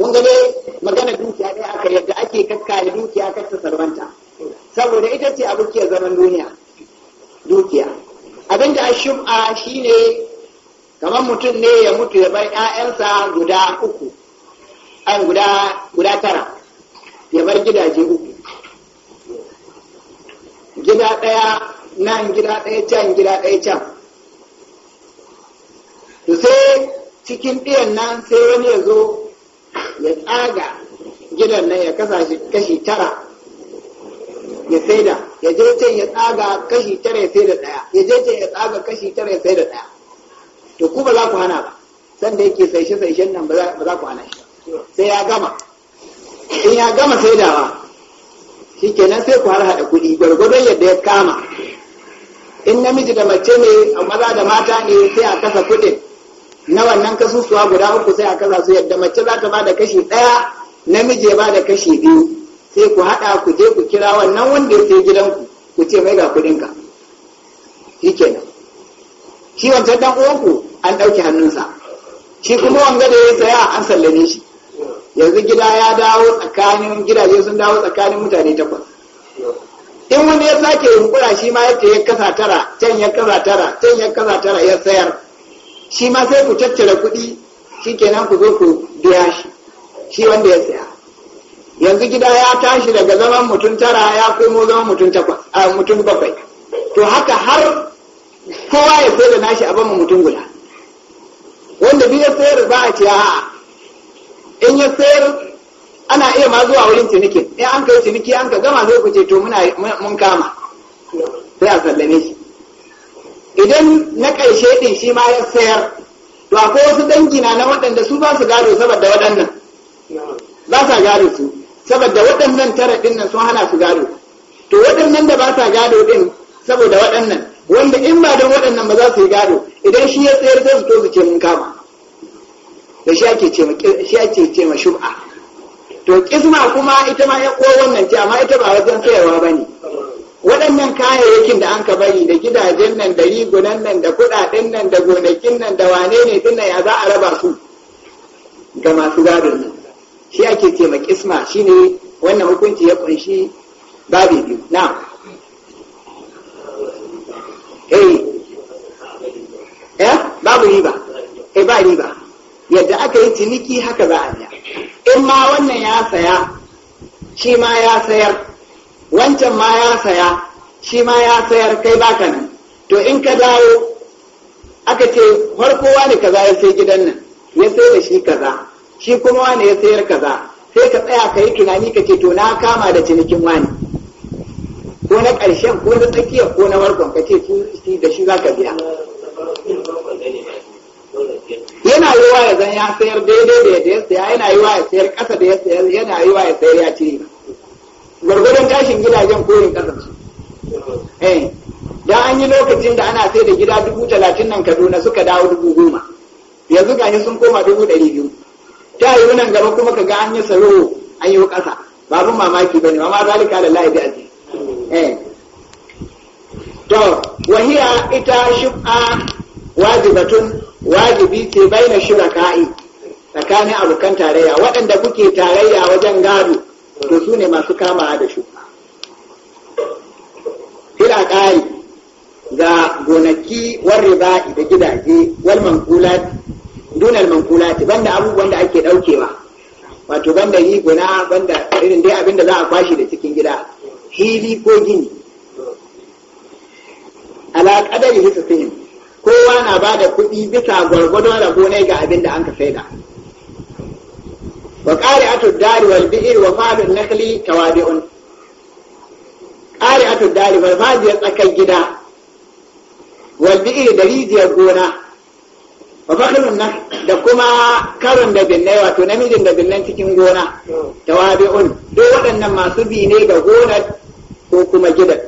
kun ga dai magana dukiya dai aka yadda ake kakkare dukiya kasta sarwanta saboda ita ce abokiyar zaman duniya dukiya abinda a shi shine kamar mutum ne ya mutu ya bar 'ya'yansa guda uku an guda tara ya bar gidaje uku gida ɗaya nan gida ɗaya can gida ɗaya can to sai cikin ɗiyan nan sai wani ya zo ya tsaga gidan nan ya kasa shi kashi tara ya saida ya je can ya tsaga kashi tara ya saida daya ya je can ya tsaga kashi tara ya saida daya to ku ba za ku hana ba sanda yake saishe shin nan ba za ku hana shi sai ya gama in ya gama saidawa shikenan sai ku har hada kuɗi gwargwadon yadda ya kama in namiji da mace ne maza da mata ne sai a kasa kuɗin na wannan kasusuwa guda uku sai a kasa su yadda mace za ta ba da kashi ɗaya namiji ya ba da kashi biyu sai ku haɗa ku je ku kira wannan wanda ya sai gidanku ku ce mai ga kuɗinka shi kenan shi wancan ɗan uwanku an ɗauki hannunsa shi kuma wanga da ya saya an sallame shi yanzu gida ya dawo tsakanin gidaje sun dawo tsakanin mutane takwas in wani ya sake yunkura shi ma yadda ya kasa tara can ya kasa tara can ya kasa tara ya sayar shi ma sai ku tattara kuɗi shi kenan ku zo ku biya shi shi wanda ya saya yanzu gida ya tashi daga zaman mutum tara ya komo zaman mutum bakwai to haka har kowa ya sai da nashi a bama mutum guda wanda biyu sayar za a ce a'a. in ya sayar ana iya ma zuwa wurin cinikin in an kai ciniki an ka gama sai ku ce to muna mun kama sai a sallame shi idan na ƙarshe ɗin shi ma ya sayar to akwai wasu dangi na na waɗanda su ba su gado saboda waɗannan ba sa gado su saboda waɗannan tara ɗin nan sun hana su gado to waɗannan da ba sa gado ɗin saboda waɗannan wanda in ba don waɗannan ba za su yi gado idan shi ya tsayar sai su to su ce mun kama da shi ake ce shi ake ce ma shub'a to kisma kuma ita ma ya ko wannan ce amma ita ba wajen sayarwa ne. waɗannan kayayyakin da an ka bari da gidajen nan da rigunan nan da kuɗaɗen nan da gonakin nan da wane ne nan ya za a raba su ga masu gadon nan shi ake ce ma kisma shine wannan hukunci ya kunshi babi biyu na eh eh babu riba eh ba riba yadda aka yi ciniki haka za a biya in ma wannan ya saya shi ma ya sayar wancan ma ya saya shi ma ya sayar kai baka nan to in ka dawo aka ce farko wani kaza ya sai gidan nan ya sai da shi kaza shi kuma wani ya sayar kaza sai ka tsaya ka yi tunani ka ce to na kama da cinikin wani ko na ƙarshen ko na tsakiyar ko na warkon ka ce su da shi za ka biya yana yi wa ya zan ya sayar daidai da ya saya yana yi wa ya sayar ƙasa da ya sayar yana yi wa ya sayar ya ce. gwargwadon tashin gidajen kore ƙasarsu. su da an yi lokacin da ana sai da gida dubu talatin nan kaduna suka dawo dubu goma yanzu gani sun koma dubu ɗari biyu ta yi nan gaba kuma ka ga an yi salo an yi ƙasa babu mamaki ba ne amma zalika da lahi da aziz eh. to wahiya ita shib'a wajibatun wajibi ce baina ka'i tsakanin abokan tarayya waɗanda kuke tarayya wajen gado to su ne masu kama da shi fil aqari ga gonaki war riba da gidaje wal manqulat dunal manqulat banda abubuwan da ake daukewa wato banda riguna banda irin dai abin da za a kwashi da cikin gida hili ko gini ala qadari hisafin kowa na bada kuɗi bisa gwargwadon rabo ne ga abin da an ka saida wa qari'atu dari wal bi'r wa fa'lu nakli tawadi'un qari'atu dari wal tsakar gida wal bi'r da rijiyar gona wa fakhrun da kuma karon da binnai wato namijin da binnan cikin gona tawadi'un duk waɗannan masu bi ne ga gonar ko kuma gidan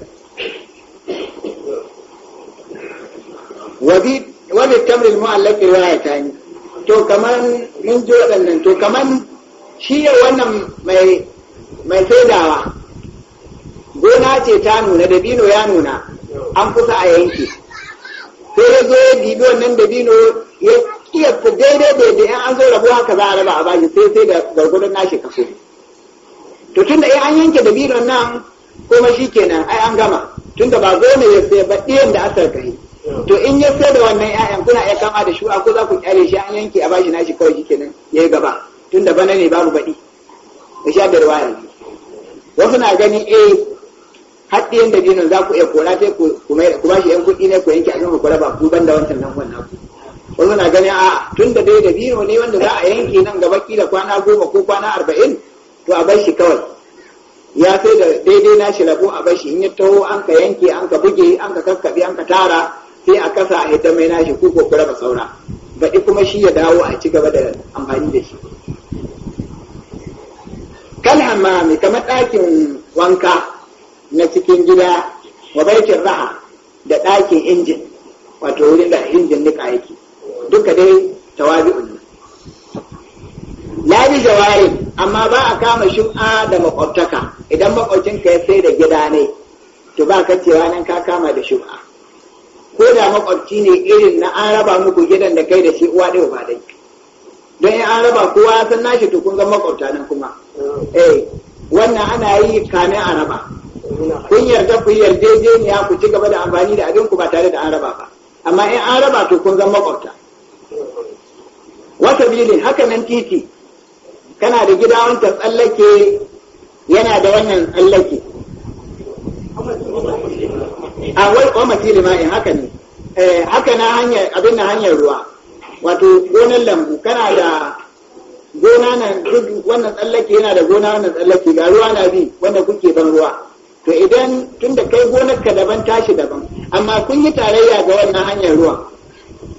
wabi tamrin mu'allaq riwaya ta ni to kaman mun ji waɗannan to kaman shi ne wannan mai mai saidawa gona ce ta nuna dabino ya nuna an kusa a yanki sai ya zo ya dibi wannan dabino ya ku daidai daidai in an zo rabuwa ka za a raba a bashi sai sai da gargudun nashi kaso to tunda in an yanke dabino nan kuma shi kenan ai an gama tunda ba gona ya sai ba ɗiyan da asar kai to in ya sai da wannan 'ya'yan kuna iya kama da shu'a ko za ku kyale shi an yanke a bashi nashi kawai shi kenan ya yi gaba tun da bana ne babu baɗi da sha da ruwa wasu na gani eh haɗe da dinin za ku iya kora sai ku ba shi yan kuɗi ne ku yanke a kan kwara ba ku ban da wancan nan wannan ku wasu na gani a tun da dai da biro ne wanda za a yanke nan gaba kila kwana goma ko kwana arba'in to a bar kawai ya sai da daidai na shi rabo a bashi. shi in ya taho an ka yanke an ka buge an ka kakkaɓe an ka tara sai a kasa a hidda mai nashi shi ko kura ba saura baɗi kuma shi ya dawo a ci gaba da amfani da shi kan hamami kamar ɗakin wanka na cikin gida wa baitin raha da ɗakin injin wato wurin da injin nika yake duka dai tawabi'un nan labi jawari amma ba a kama shum'a da makwabtaka idan makwabcinka ya sai da gida ne to ba ka cewa nan ka kama da shum'a ko da makwabci ne irin na an raba muku gidan da kai da shi uwa ɗaya ba dai don in an raba kowa san nashi to kun ga makwabta nan kuma eh wannan ana yi kame a raba kun yarda ku ya ku ci gaba da amfani da abinku ba tare da an raba ba amma in an raba to kun zama makwabta wata bilin haka nan titi kana da gida wanta tsallake yana da wannan tsallake a wai kwamma in eh, haka ne eh, haka na hanyar abin na hanyar ruwa wato gonar lambu kana da gona na gudu wannan tsallake yana da gona wannan tsallake ga ruwa na bi wanda kuke ban ruwa to idan tun da kai gonarka daban tashi daban amma kun yi tarayya ga wannan hanyar ruwa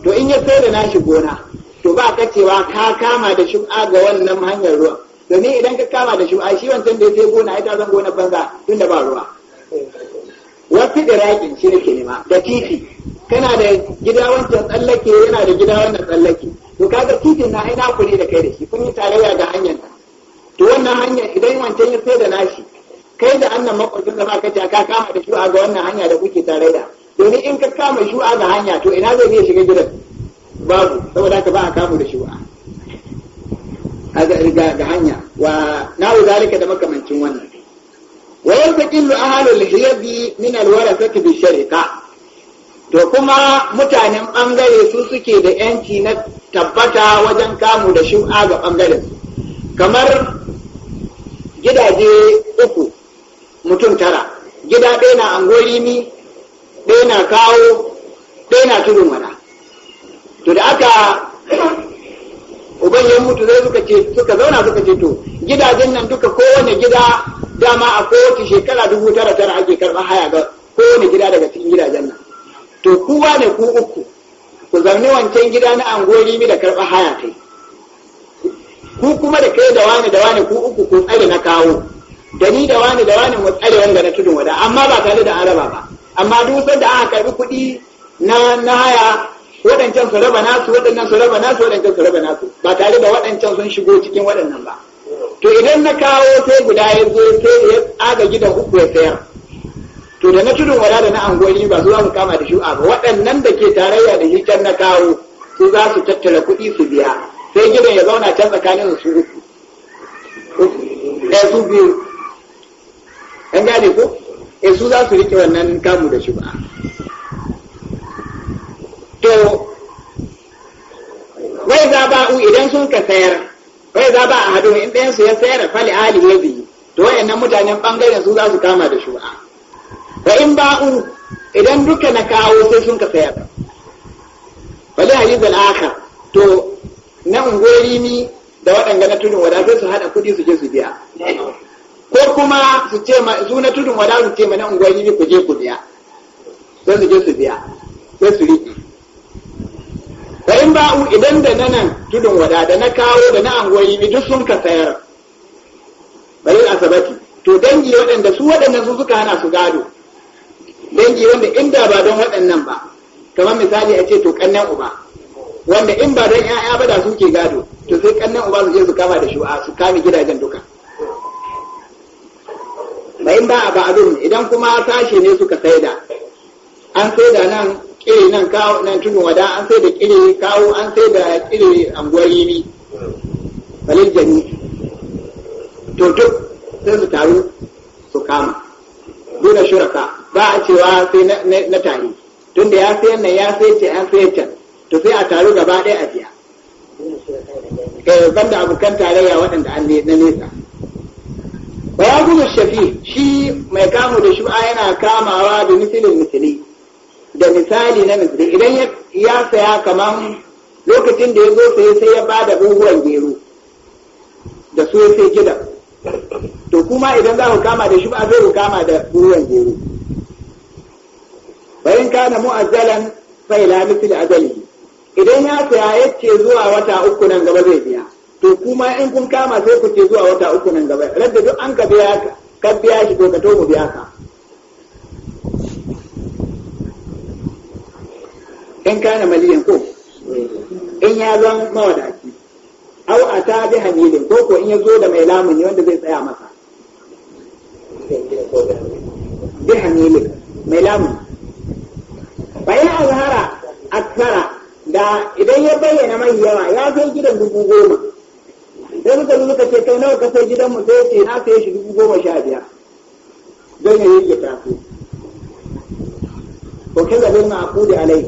to in ya sai da nashi gona to ba ka cewa ka kama da shub'a ga wannan hanyar ruwa domin idan ka kama da a shi wancan da ya sai gona ita zan gona banza tun ba ruwa wasu da rakin shi ke nema da titi kana da gida wancan tsallake yana da gida wannan tsallake to kaga titin na ina kuri da kai da shi kun yi tarayya da hanyar ta to wannan hanyar idan wancan ya sai da nashi kai da annan makwabcin da ka ka kama da shu'a ga wannan hanya da kuke tarayya domin in ka kama shu'a ga hanya to ina zai iya shiga gidan babu saboda ka ba a kama da shu'a ga hanya wa na zalika da makamancin wannan wa yartaqillu ahlul hiyabi min alwarasati bi sharika to kuma mutanen ɓangare su suke da yanci na tabbata wajen kamu da shub'a ga ɓangaren kamar gidaje uku mutum tara gida ɗaya na angolimi ɗaya na kawo ɗaya na tudun wada to da aka uban ya mutu zai suka ce suka zauna suka ce to gidajen nan duka kowane gida dama a kowace shekara dubu tara tara ake karɓar haya ga kowane gida daga cikin gidajen nan to kuwa ne ku uku ku zaune wancan gida na angori mi da karba haya kai ku kuma da kai da wani da wani ku uku ku tsare na kawo da ni da wani da wani mu tsare wanda na tudun wada amma ba tare da araba ba amma duk da aka karbi kuɗi na na haya waɗancan su raba nasu waɗannan su raba nasu waɗancan su raba nasu ba tare da waɗancan sun shigo cikin waɗannan ba to idan na kawo sai guda ya zo sai ya tsaga gidan uku ya tsayar. to da na tudun wala da na angoli ba su za mu kama da shu'a ba waɗannan da ke tarayya da shi na kawo su za su tattara kuɗi su biya sai gidan ya zauna can tsakanin su uku ɗaya su biyu an gane ko e su za su riƙe wannan kamu da shu'a to wai za ba u idan sun ka sayar wai za ba a haɗu in su ya sayar fali ali ya biyu to wayannan mutanen ɓangaren su za su kama da shu'a wa in ba'u idan duka na kawo sai sun ka sayar bali hadith al-akhar to na ungori ni da waɗanda na tudun wada sai su hada kuɗi su je su biya ko kuma su ce ma su na tudun wada su ce ma na ungori ni ku je ku biya sai su je su biya sai su riƙe wa in ba'u idan da na nan tudun wada da na kawo da na ungori ni duk sun ka sayar bari asabati to dangi waɗanda su waɗanda su suka hana su gado dangi wanda inda ba don waɗannan ba kamar misali a ce to kannan uba wanda in ba don ƴaƴa ba da suke gado to sai kannan uba su je su kama da shu'a su kame gidajen duka bayan ba a ba'adun idan kuma sashe ne suka saida an saida nan kire nan kawo nan tudun wada an saida ƙiri kawo an saida kire anguwar yini balil jami to duk sai su taru su kama dole shuraka ba a cewa sai na tari, tun da ya sayar nan ya sayar can an sayar can to sai a taru gaba ɗaya a biya eh, Ban da abokan tarayya waɗanda an na nesa gudu shafi shi mai kamu da shu'a yana kamawa da misilin misili da misali na misili idan ya saya kamar lokacin da ya zo sai sai ya ba da buhuwan gero da su sai gida to kuma idan za ku kama da shu'a zai ku kama da buhuwan gero ka na mu'azzalan fa ila mithl ajalihi idan ya saya yace zuwa wata uku nan gaba zai biya to kuma in kun kama sai ku ce zuwa wata uku nan gaba radda duk an ka biya ka ka biya shi to ka to mu biya ka in ka na maliyan ko in ya zan mawadaki? au a ta bi hamilin ko ko in ya zo da mai lamun ne wanda zai tsaya maka? bi hamilin mai lamun? bayan azhara akara da idan ya bayyana mai yawa ya kai gidan dubu goma sai suka zo suka ce kai nawa ka sai gidan mu sai ce na sai shi dubu goma sha biyar don ya yi tafi ko kaza bin da alai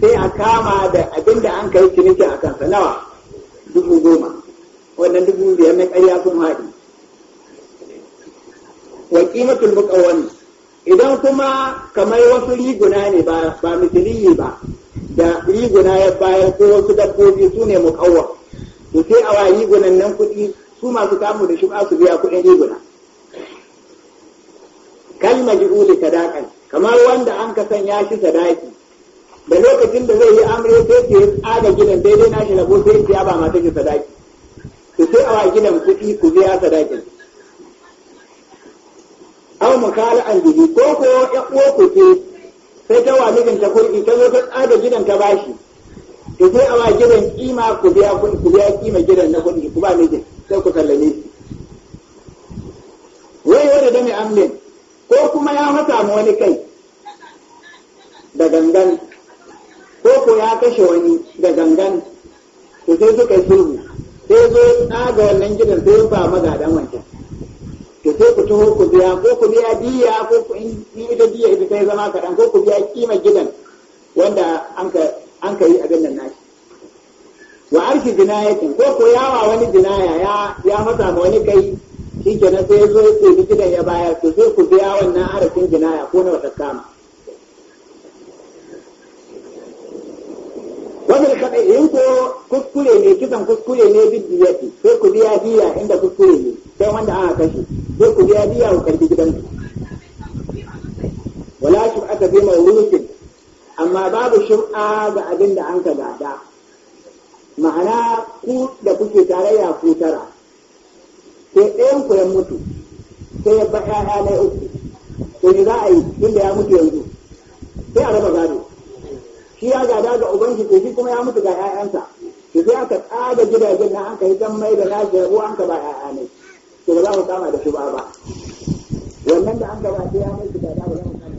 sai a kama da abinda an kai ciniki a kansa nawa dubu goma wannan dubu biyar na karya sun haɗi wa qimatul muqawwami idan kuma kamar wasu riguna ne ba ba ne ba da riguna ya bayar ko wasu dabbobi su ne muƙawwa to sai a wayi gunan nan kuɗi su masu kamu da shubha su biya kuɗin riguna kalma ji'uli sadakan kamar wanda an ka sanya shi sadaki da lokacin da zai yi amre sai ke tsaga gidan daidai na shi rabo sai ya ba mata shi sadaki to sai a wa gidan kuɗi ku biya sadakin aw makala an bihi ko ko ya uwa ke, sai ta wa mijin ta kurki ta zo ta tsada gidan ta bashi to sai a wa gidan kima ku biya kun ku biya kima gidan na kun ku ba mijin sai ku sallame shi wai wanda da mai amlin ko kuma ya mata mu wani kai da gangan ko ko ya kashe wani da gangan to sai suka yi sulhu sai zo tsaga wannan gidan sai ba magadan wancan to sai ku taho ku biya ko ku biya diya ko ku in ita diya ita ta zama kaɗan ko ku biya kima gidan wanda an ka yi a nan nashi wa arshi jinayatin ko ko yawa wani jinaya ya ya fasa ma wani kai shi kenan sai ya zo ya gidan ya bayar to sai ku biya wannan arafin jinaya ko na wata kama wanda ka ɗai ko kuskure ne kisan kuskure ne yake sai ku biya biya inda kuskure ne sai wanda aka kashe sai ku biya biya ku karbi gidansu wala shi aka fi wurin amma babu shir'a ga abin da an ka gada ma'ana ku da kuke tarayya ku tara sai ɗayan ku ya mutu sai ya ba ƴaƴa na uku to za a yi inda ya mutu yanzu sai a raba gado shi ya gada ga ubangiji shi kuma ya mutu ga ƴaƴansa shi sai aka tsaga gidajen na aka yi dan mai da nasu yabo an ka ba ƴaƴa ne to ba za mu kama da shi ba ba wannan da an gaba sai ya mai da ba za mu kama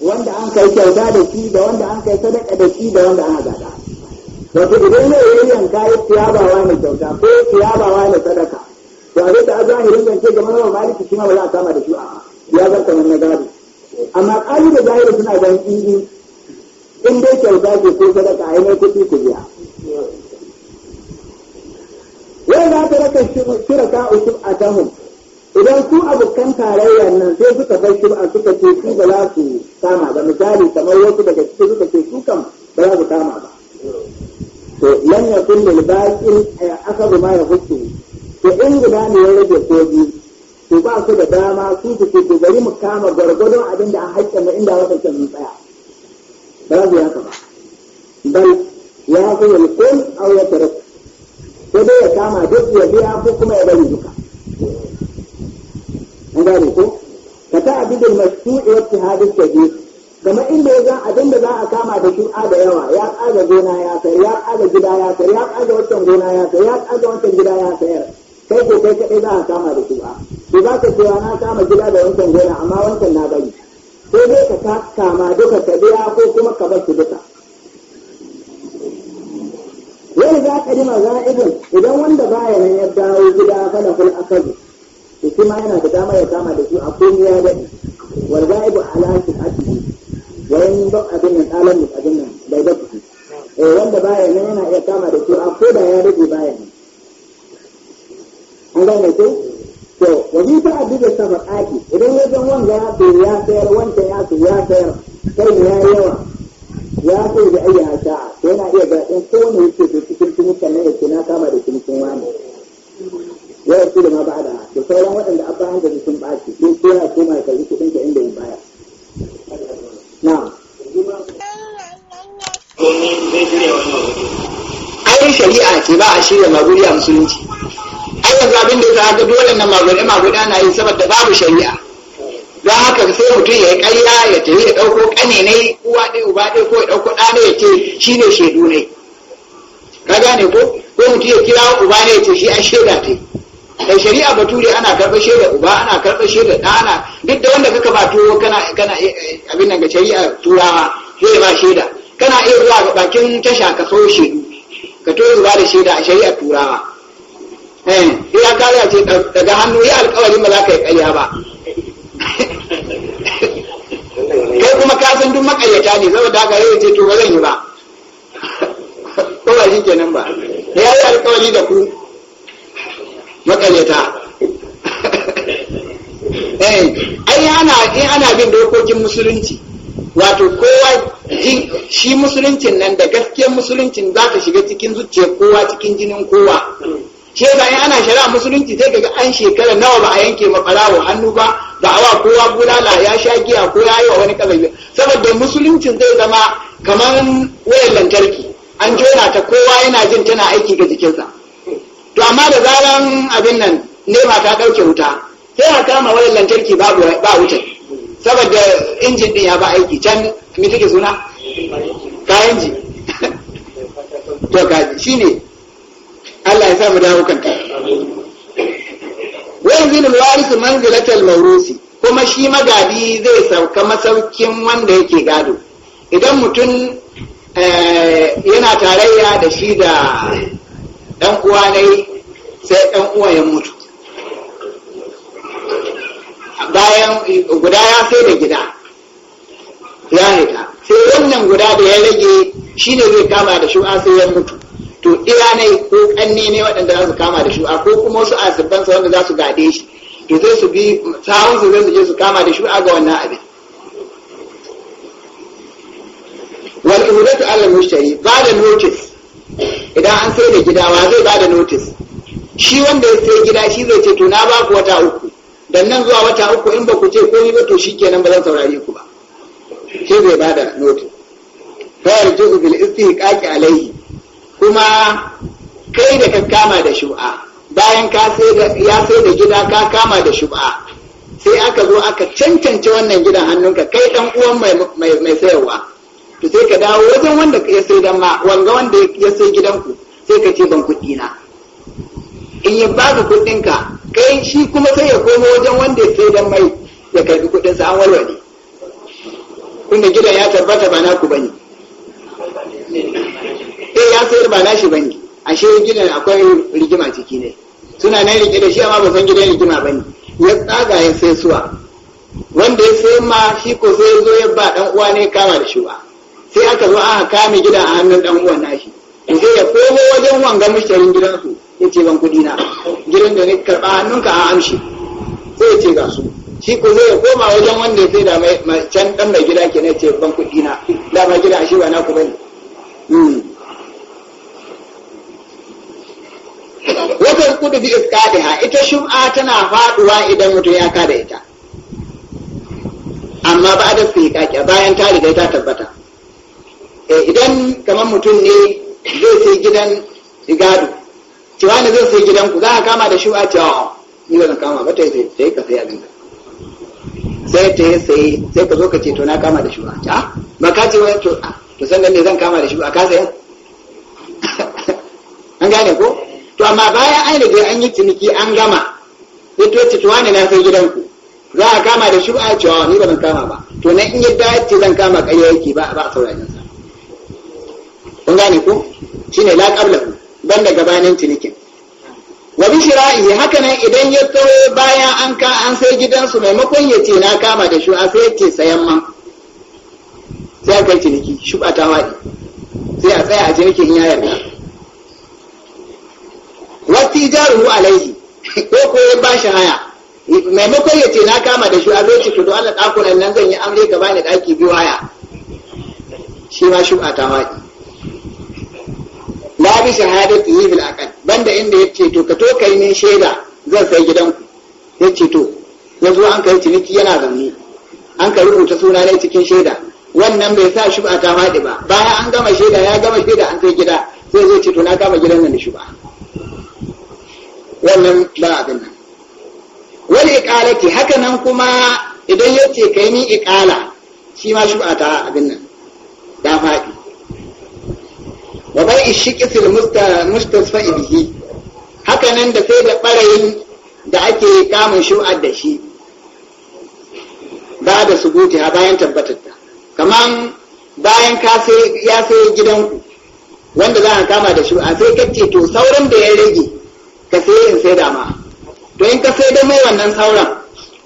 wanda an kai kyauta da shi da wanda an kai sadaka da shi da wanda an gada wato idan ne yi yanka ya wa mai kyauta ko wa mai sadaka to a zai ta zahirin ke gama wa maliki shi ma ba za a kama da shi ya zarta kama na gado amma ƙali da zahiri suna ganin in in dai kyauta ke ko sadaka a yi mai kuɗi ku biya wai za ta raka shirka usu a tahun idan su abokan tarayyar nan sai suka bar ba suka ce su ba za su kama ba misali kamar wasu daga cikin suka ce su kam ba za su kama ba to lam yakun lil baqin akhadhu ma yahuddu to in guda ne ya rage ko biyu to ba su da dama su su ce gari mu kama gwargwadon abin da an haƙƙa mu inda wata ce mun tsaya ba za ya yaka ba bal ya fi kun aw ya tarak ko dai ya kama duk ya biya ko kuma ya bari duka an gane ko ka ta abidul masu'i wa tihadis kabir kamar inda ya zan abin da za a kama da shi a da yawa ya tsaga gona ya sayar ya tsaga gida ya sayar ya tsaga wancan gona ya sayar ya tsaga wancan gida ya sayar kai ko kai kadai za a kama da shi ba to za ka cewa na kama gida da wancan gona amma wancan na bari sai dai ka ta kama duka ka biya ko kuma ka bar su duka wani za ka jima za idan idan wanda baya nan ya dawo gida fana kul akabi to shi ma yana da dama ya kama da shi a komai ya daɗi wal ga'ibu ala shi wani ba abin nan tsalan mu abin nan bai da kuɗi eh wanda baya ne yana iya kama da cewa ko da ya rage baya ne an gane ko to wani ta abin da sabaqati idan ya zan wanga bai ya sayar wanda ya su ya sayar kai ne ya yawa ne ne uwa ɗai uba ɗai ko ya ɗauko ɗa ya ce shi ne shaidu ne ka gane ko ko mutum ya kira uba ne ya ce shi an shaida ta da shari'a bature ana karɓar shaida uba ana karɓar shaida ɗa duk da wanda kaka ba tuwo kana kana eh, eh, abin nan ga shari'a turawa zai ba shaida kana iya zuwa ga bakin tasha ka so shaidu ka to zuba da shaida a shari'a turawa eh ya kare ce daga hannu ya alƙawarin ba za ka yi ƙarya ba kai kuma ka san duk makayyata ne saboda haka yau ce to ba zan yi ba ko ba shi kenan ba ya yi alkawari da ku makayyata eh, ai ana in ana bin dokokin musulunci wato kowa shi musuluncin nan da gaskiyar musuluncin za shiga cikin zuciyar kowa cikin jinin kowa shi ba in ana shari'a musulunci sai ga an shekara nawa ba a yanke ma farawo hannu ba ba a wa kowa bulala ya sha giya ko ya yi wa wani kazabi saboda musuluncin zai zama kamar wayan lantarki an jona ta kowa yana jin tana aiki ga jikinsa to amma da zaran abin nan nema ta ɗauke wuta sai a kama wayar lantarki ba wutar saboda injin ɗin ya ba aiki can me take suna kayan ji to kaji shine Allah ya sa mu dawo kanta wa yanzilul warisu manzilatal mawrusi kuma shi magadi zai sauka masaukin wanda yake gado idan mutum eh, yana tarayya da shi da ɗan uwa ne sai ɗan uwa ya mutu bayan guda ya sai da gida ya sai wannan guda da ya rage shi ne zai kama da shu'a sai ya mutu to ne ko kanne ne waɗanda za su kama da shu'a ko kuma wasu sa wanda za su gade shi to zai su bi sawun su zai su je su kama da shu'a ga wannan abin wal ihudatu ala mushtari ba da notice idan an sai da gida wa zai ba da notice shi wanda ya sai gida shi zai ce to na ba ku wata uku dan nan zuwa wata uku in ba ku ce komai ba to shikenan ba zan saurare ku ba sai zai ba da notice fa yarju bil istihqaqi alayhi kuma kai da ka kama da shu'a bayan ya sai da gida ka kama da shu'a sai aka zo aka cancanci wannan gidan hannunka kai dan uwan mai sayarwa to sai ka dawo wajen wanda ya sai dan ma wanga wanda ya sai gidanku sai ka ce ban kuɗi na in ya ka kuɗin ka kai shi kuma sai ya komo wajen wanda ya sai dan mai ya karbi kuɗin sa an walwale kun gidan ya tabbata ba naku bane ya sayar ba nashi bane ashe gidan akwai rigima ciki ne suna nan rike da shi amma ba san gidan rigima bane ya tsaga ya sai suwa wanda ya sai ma shi ko sai zo ya ba dan uwa ne kama da shi ba sai aka zo aka kame gidan a hannun dan uwan nashi in sai ya komo wajen wanga gidan su ya ce ban kudi na gidan da ne karba hannunka a amshi sai ya ce ga su shi ko zai koma wajen wanda ya da mai can dan mai gida kenan ce ban kudi na dama gida shi ba na ku bane hmm. wajen kudu bi ha, ita shum'a tana faduwa idan mutum ya kada ita amma ba da fiƙaƙe bayan ta riga ta tabbata eh, idan kamar mutum ne zai sai gidan igado cewa ne zai sai gidan ku za a kama da shuwa cewa oh, ni zan kama ba ta yi sai ka sai abin sai ta yi sai sai ka zo ka ce to na kama da shuwa ta ah, ba ka ce wani to to san ne zan kama da shuwa ka sai an gane ko to amma bayan an riga an yi ciniki an gama ya to ci tuwa ne na sai gidanku za a kama da shubha cewa ni ba zan kama ba to na in yadda ya ce zan kama ƙarya yake ba ba a sauraron sa kun gane ko shine la qabla ban da gabanin cinikin wa bi shira'i haka nan idan ya tsawo bayan an ka an sai gidansu maimakon ya ce na kama da shubha sai ya ce sayan ma sai a kai ciniki shubha ta waɗi sai a tsaya a cinikin ya yarda wati jaruhu alaihi ko ko ya ba shi haya maimakon ya ce na kama da shi a zai to Allah ɗakunan nan zan yi amre ka bani ɗaki biyu haya shi ma ba ta waɗi la bi shahadati yi bil aqal banda inda yace to ka to kai min shaida zan sai gidanku yace to yanzu an kai ciniki yana zanni an ka rubuta suna ne cikin shaida wannan bai sa ba ta faɗi ba bayan an gama shaida ya gama shaida an kai gida sai zai ce to na kama gidan nan da ba wannan ba abin nan wani iƙalati haka nan kuma idan ya ce ka yi ni iƙala shi ma shi ta abin nan Ya faɗi wa bai ishiƙisil mustasfa ibihi haka nan da sai da ɓarayin da ake kamun shu'ar da shi ba da subuti ha bayan tabbatar ta kaman bayan ya sai gidanku wanda za a kama da shu'a sai kace to sauran da ya rage saida ma to in ka saida mai wannan sauran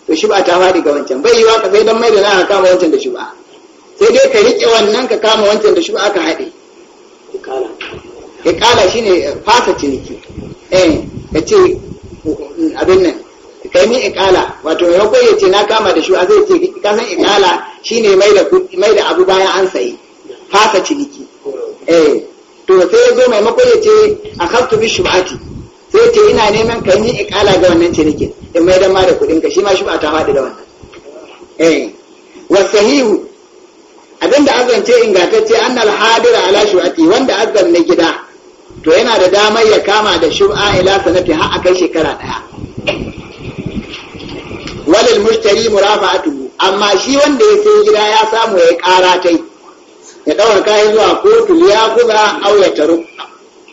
to shi ba ta faɗi ga wancan bai yiwa ka saidan mai da na kama wancan da shi ba sai dai ka riƙe wannan ka kama wancan da shi ba ka haɗe ikala shine eh, fasa ciniki eh ka ce abin nan kai ni ikala wato ya koyi ce na kama da shi a zai ce ka san ikala shine mai da mai da abu bayan an sayi fasa ciniki eh to sai ya zo maimakon ya ce akhaftu bi shubati sai ce ina neman ka yi ikala ga wannan ciniki in mai dama da kuɗinka, shi ma shi ba ta faɗi da wannan eh wasahihu abinda azance ingantacce annal hadir ala shu'ati wanda azan na gida to yana da damar ya kama da shu'a ila sanati har akai shekara daya walil mushtari murafa'atu amma shi wanda ya sai gida ya samu ya kara tai ya daura kai zuwa kotu ya kuma auya taru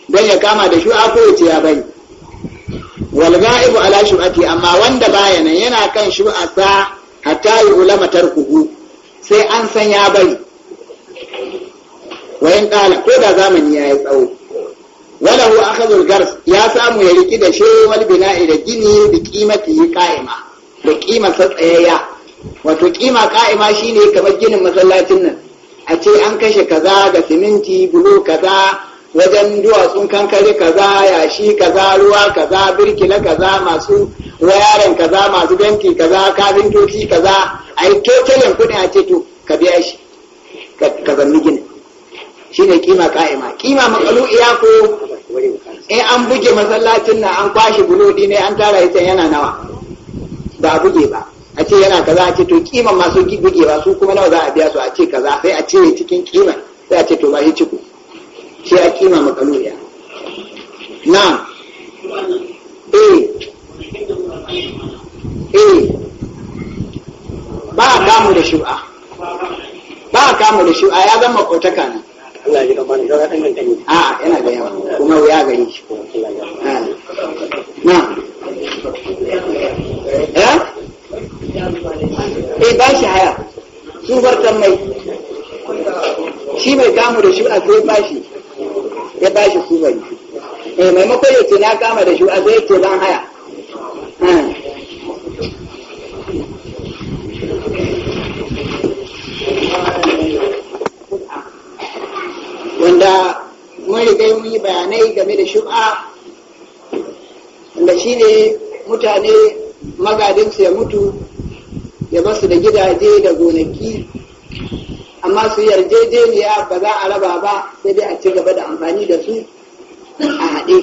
don ya kama da shu'a ko ya ce ya bari wal ga'ibu ala shu'ati amma wanda bayanan yana kan shu'asa hatta yi ulama tarkuhu sai an san ya bari wayan kala ko da zamani ya yi tsawo walahu akhadhul gars ya samu ya riki da shewal bina'i da gini bi qimati qa'ima da qima sa tsayayya wato qima qa'ima shine kamar ginin masallacin nan a ce an kashe kaza da siminti bulo kaza wajen duwatsun kankare kaza yashi kaza ruwa kaza birkila kaza masu wayaren kaza masu banki kaza kafintoci kaza a yi totalin kudin a ce to ka biya shi ka zanni gina shi ne kima ka'ima kima makalu iya ko in an buge masallacin na an kwashe bulodi ne an tara ita yana nawa ba a buge ba a ce yana kaza a ce to masu bugewa su kuma nawa za a biya su a ce kaza sai a ce cikin kima sai a ce to ba shi ciku. shi a kima makaluriya na eh eh ba a kamu da shu'a ba a kamu da shu'a ya zama kotaka ne ya gabani don haɗin A yana da yawa kuma wuya gari shi. Na. Eh? Eh ba shi haya. Su bartan mai. Shi mai kamu da shu'a a kai ba shi. ya ba shi kumari eh maimakon ya ce na kama da shu'a sai ce zan haya hmm. wanda mun riga mun yi bayanai game da shub'a wanda shi ne mutane su ya mutu ya basu da gidaje da gonaki amma su yarjejeniya ba za a raba ba sai dai a ci gaba da amfani da su a haɗe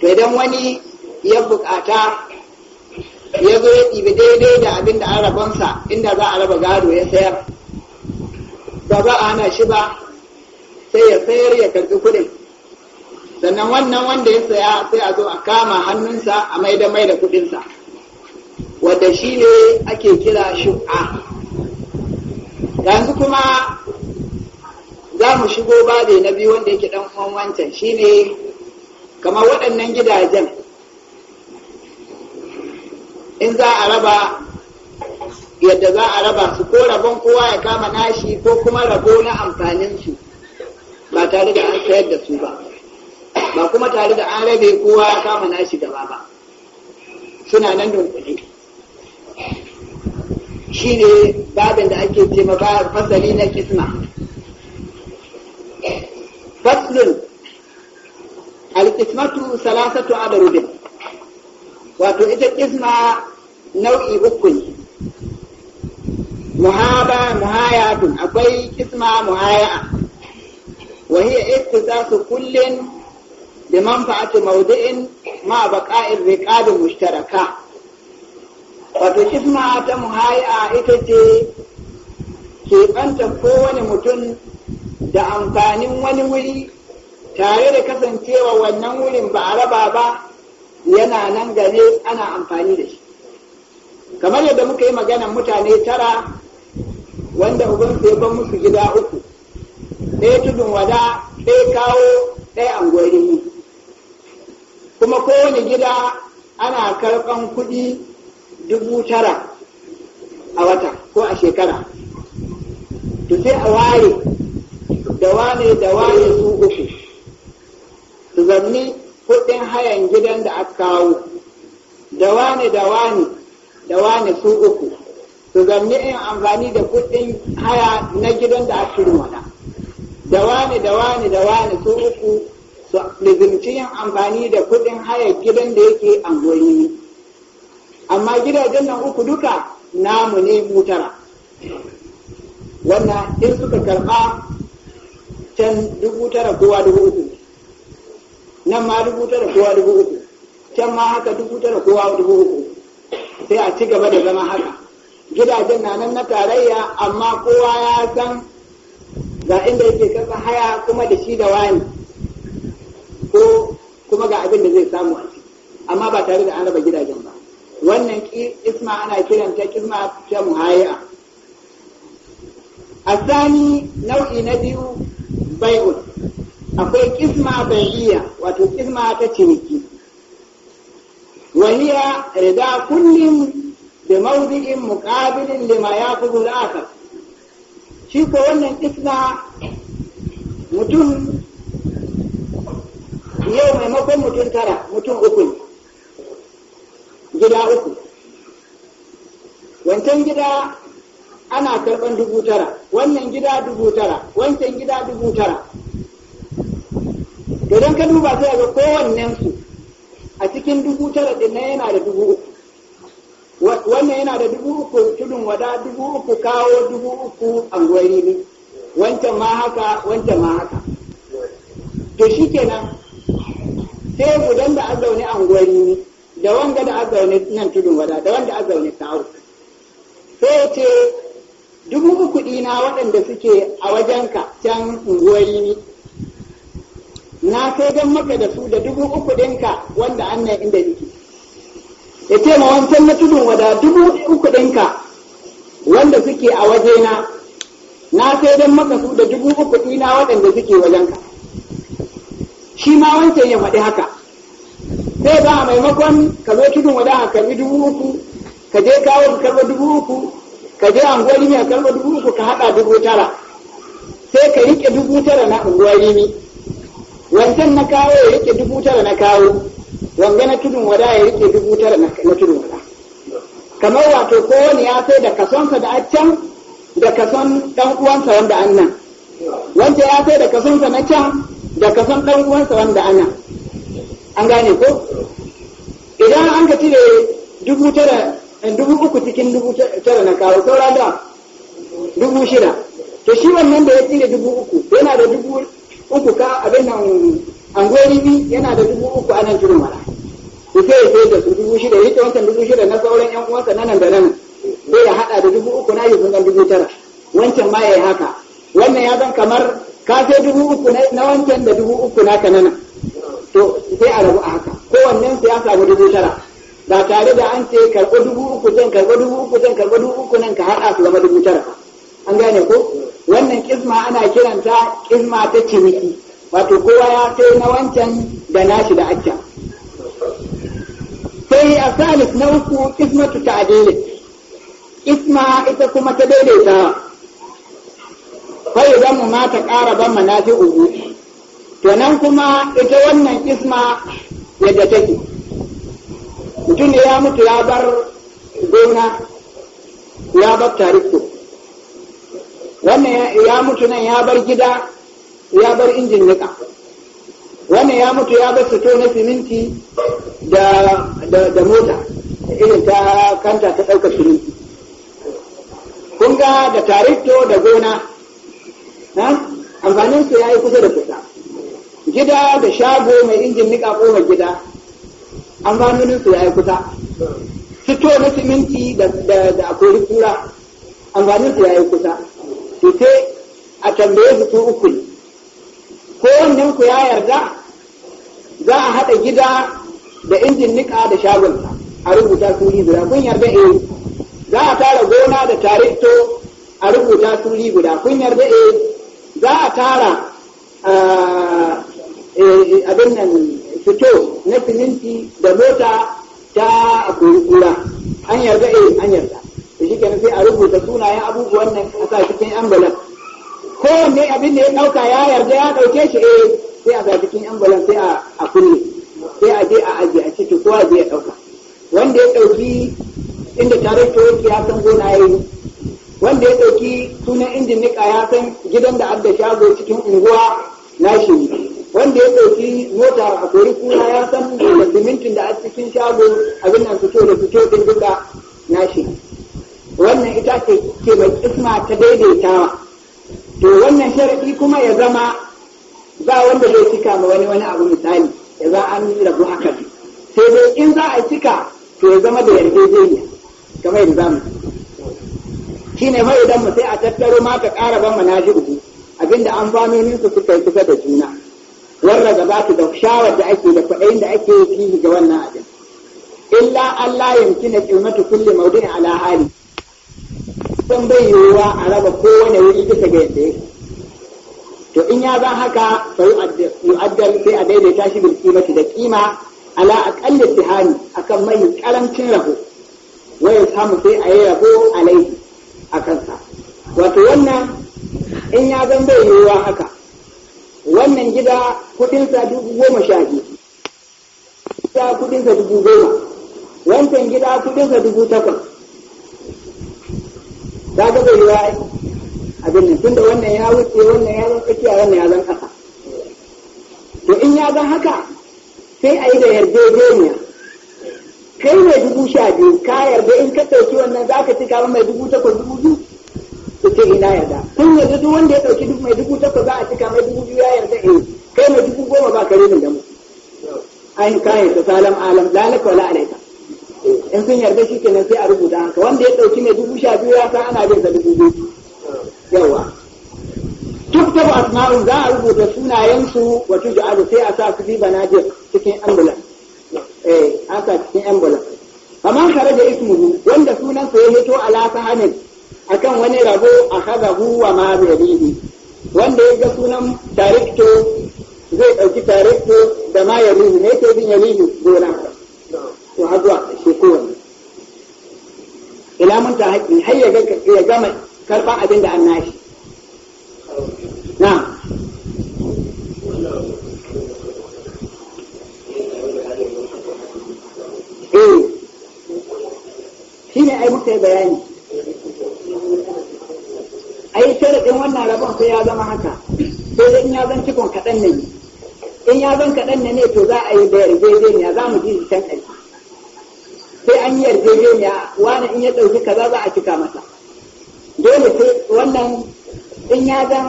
to idan wani ya bukata ya zo ya ɗibi daidai da abin da an rabonsa inda za a raba gado ya sayar ba za a hana shi ba sai ya sayar ya karɓi kuɗin sannan wannan wanda ya saya sai a zo a kama hannunsa a maida maida kuɗinsa wadda shi ne ake kira shu'a yanzu kuma za mu shigo babe na biyu wanda yake dan uwan wancan shine kamar waɗannan gidajen in za a raba yadda za a raba su ko rabon kowa ya kama nashi ko kuma rabo na amfaninsu ba tare da an sayar da su ba ba kuma tare da an rabe kowa ya kama nashi gaba ba suna nan dunkule shine babin da ake ce ma fasali na kisma faslun alkismatu salasatu adarudin wato ita kisma nau'i uku ne muhaba muhayatun akwai kisma muhaya'a wa hiya ittisasu kullin bi manfa'ati mawdi'in ma baqa'i riqabi mushtaraka wato isma ta muhaya ita ce keɓanta kowane mutum da amfanin wani wuri tare da kasancewa wannan wurin ba a raba ba yana nan gane ana amfani da shi kamar yadda muka yi maganan mutane tara wanda ugun ya ban musu gida uku ɗaya tudun wada ɗaya kawo ɗaya angwari kuma kowane gida ana karɓan kuɗi dubu tara a wata ko a shekara to sai a ware da wane da wane su uku su zanni kudin hayan gidan da aka kawo da wane da wane da wane su uku su zanni yin amfani da kudin haya na gidan da aka mana da wane da wane da wane su uku su lizimci yin amfani da kudin haya gidan da yake angoni amma gidajen nan uku duka namu ne mu tara wannan in suka karɓa can dubu tara kowa dubu uku nan ma dubu tara kowa dubu uku can ma haka dubu tara kowa dubu uku sai a ci gaba da zama haka gidajen na nan na tarayya amma kowa ya san ga inda yake kasa haya kuma da shi da wani ko kuma ga abin da zai samu a ciki amma ba tare da an raba gidajen ba wannan isma ana kiranta kisma ta muhaya tsani nau'i na biyu bai'un akwai kisma bai'iya wato kisma ta ciniki ya rida kullum da maudu'in muƙabilin lima ya fi zulaka shi ko wannan kisma mutum yau maimakon mutum tara mutum uku gida uku wancan gida ana karɓar dubu tara wannan gida dubu tara wancan gida dubu tara to don ka duba sai ga kowannen su a cikin dubu tara ɗin yana da dubu uku wannan yana da dubu uku tudun wada dubu uku kawo dubu uku anguwari ne wancan ma haka wancan ma haka to shi kenan sai gudan da an zaune anguwari ne da wanda da zaune nan tudun wada da wanda azaune sa'au sai ce dubu uku ɗina waɗanda suke a wajenka can ni? na sai don maka da su da dubu uku ɗinka wanda an nan inda nake ya ce ma wancan na tudun wada dubu uku ɗinka wanda suke a wajena na sai don maka su da dubu uku ɗina waɗanda suke wajenka shi ma wancan ya faɗi haka sai ba a maimakon ka zo tudun wajen a karbi dubu uku ka je kawo ka karba dubu uku ka je anguwar rimi a karba dubu uku ka haɗa dubu tara sai ka riƙe dubu tara na unguwar rimi wancan na kawo ya riƙe dubu tara na kawo wanda na tudun wada ya riƙe dubu tara na tudun wada kamar wato kowane ya sai da kasonsa da accan da kason ɗan uwansa wanda an nan wancan ya sai da kasonsa na can da kason ɗan uwansa wanda ana an gane ko idan an ka cire dubu tara eh, dubu uku cikin dubu tara na kawo saura da dubu shida to shi wannan da ya cire dubu uku yana da dubu uku ka abin nan angwani yana da dubu uku a nan tunan mara ku sai ya sai da su dubu shida ya ce wancan dubu shida na sauran yan uwansa na nan da nan ko ya haɗa da dubu uku na yi sun dubu tara wancan ma ya yi haka wannan ya zan kamar ka sai dubu uku na wancan da dubu uku na kanana to sai a rabu a haka kowannen su ya samu dubu tara ba tare da an ce karɓo dubu uku zan karɓo dubu uku zan karɓo dubu uku nan ka haɗa su zama dubu tara an gane ko wannan kisma ana kiranta kisma ta ciniki wato kowa ya sai na wancan da nashi da acca sai a salis na uku kismatu ta adili isma ita kuma ta daidaita fa idan mu mata ƙara ban manafi'u to nan kuma ita wannan isma yadda take mutum da ya mutu ya bar gona ya bar tariko wannan ya mutu nan ya bar gida ya bar injin nika wannan ya mutu ya bar sato na siminti da mota irin ta kanta ta ɗaukar siminti kun ga da tarikto da gona amfaninsu ya yi kusa da kusa gida da shago mai injin niƙa ko mai gida an zamanin su yi kusa fito na siminti da akwai kura amfanin su yi kusa to a tambaye su su uku ko wannan ku ya yarda za a haɗa gida da injin niƙa da shagonsa a rubuta su guda kun yarda eh za a tara gona da tarikto a rubuta su guda kun yarda eh za a tara ah, Eh, eh, abin nan fito na siminti da mota ta akwai kura an yarda e, an yarda da shi kenan sai a rubuta sunayen abubuwan nan a sa cikin Ko kowanne abin da ya ɗauka ya yarda ya ɗauke shi e, sai a sa cikin ambulan sai a kulle sai a je a ajiye a ciki kowa zai ya ɗauka wanda ya ɗauki inda tarakta yake ya san gona ya yi wanda ya ɗauki sunan injin niƙa ya san gidan da Abda shago cikin unguwa na shi wanda ya ɗauki mota a kori kuma ya san da simintin da a cikin shago abin nan fito da fito din duka nashi wannan ita ce ke mai isma ta daidaitawa to wannan sharaɗi kuma ya zama za wanda zai cika ma wani wani abu misali ya za an rabu haka sai dai in za a cika to ya zama da yarjejeniya kamar yadda zamu shi ne mai idan mu sai a tattaro ma ka ƙara ban shi uku abinda an fami su suka yi kusa da juna wannan su da shawar da ake da kwaɗayin da ake fihi ga wannan abin illa Allah ya yamkina qimatu kulli mawdi'in ala hali san bai yiwuwa a raba kowane wuri bisa ga yadda to in ya zan haka fa yu'addal sai a daidaita shi bil qimati da kima ala aqall ittihami akan mai karancin rabo waya samu sai a yi rabo alai akan sa wato wannan in ya zan bai yiwuwa haka wannan gida kudinsa dubu goma sha biyu gida kudinsa dubu goma wancan gida kudinsa dubu takwas ta ga bai yi abin nan tunda wannan ya wuce wannan ya zan tsakiya wannan ya zan kasa to in ya zan haka sai a yi da yarjejeniya kai mai dubu sha biyu ka yarda in ka ɗauki wannan za ka ci kama mai dubu takwas dubu biyu su ce ina yarda kun yanzu duk wanda ya ɗauki duk mai dubu takwas za a cika mai dubu biyu ya yarda eh kai mai dubu goma ba kare min da mu ayin kayan ta salam alam lalaka wala alaika in sun yarda shi ke kenan sai a rubuta haka wanda ya ɗauki mai dubu sha biyu ya san ana bin sa dubu biyu yawa duk da asma'u za a rubuta sunayen sunayensu wa tuj'alu sai a sa su bi banajir cikin ambulan eh a sa cikin ambulan amma kare da ismuhu wanda sunansa ya hito ala sahanin akan wani rabo a haɗa huwa ma yarihi wanda ya ga sunan tarikto zai ɗauki tarikto da ma yarihi ne ke bin yarihi gona to haɗuwa zuwa shi kowane ila mun ta haƙƙi har ya gama karɓar abin da an nashi na eh shi ne ai muka yi bayani ai sharaɗin wannan rabon sai ya zama haka sai in ya zan kon kaɗan ne in ya zan kaɗan ne to za a yi da yarjejeniya za mu ji can aiki, sai an yi yarjejeniya wani in ya dauki kaza za a cika masa dole sai wannan in ya zan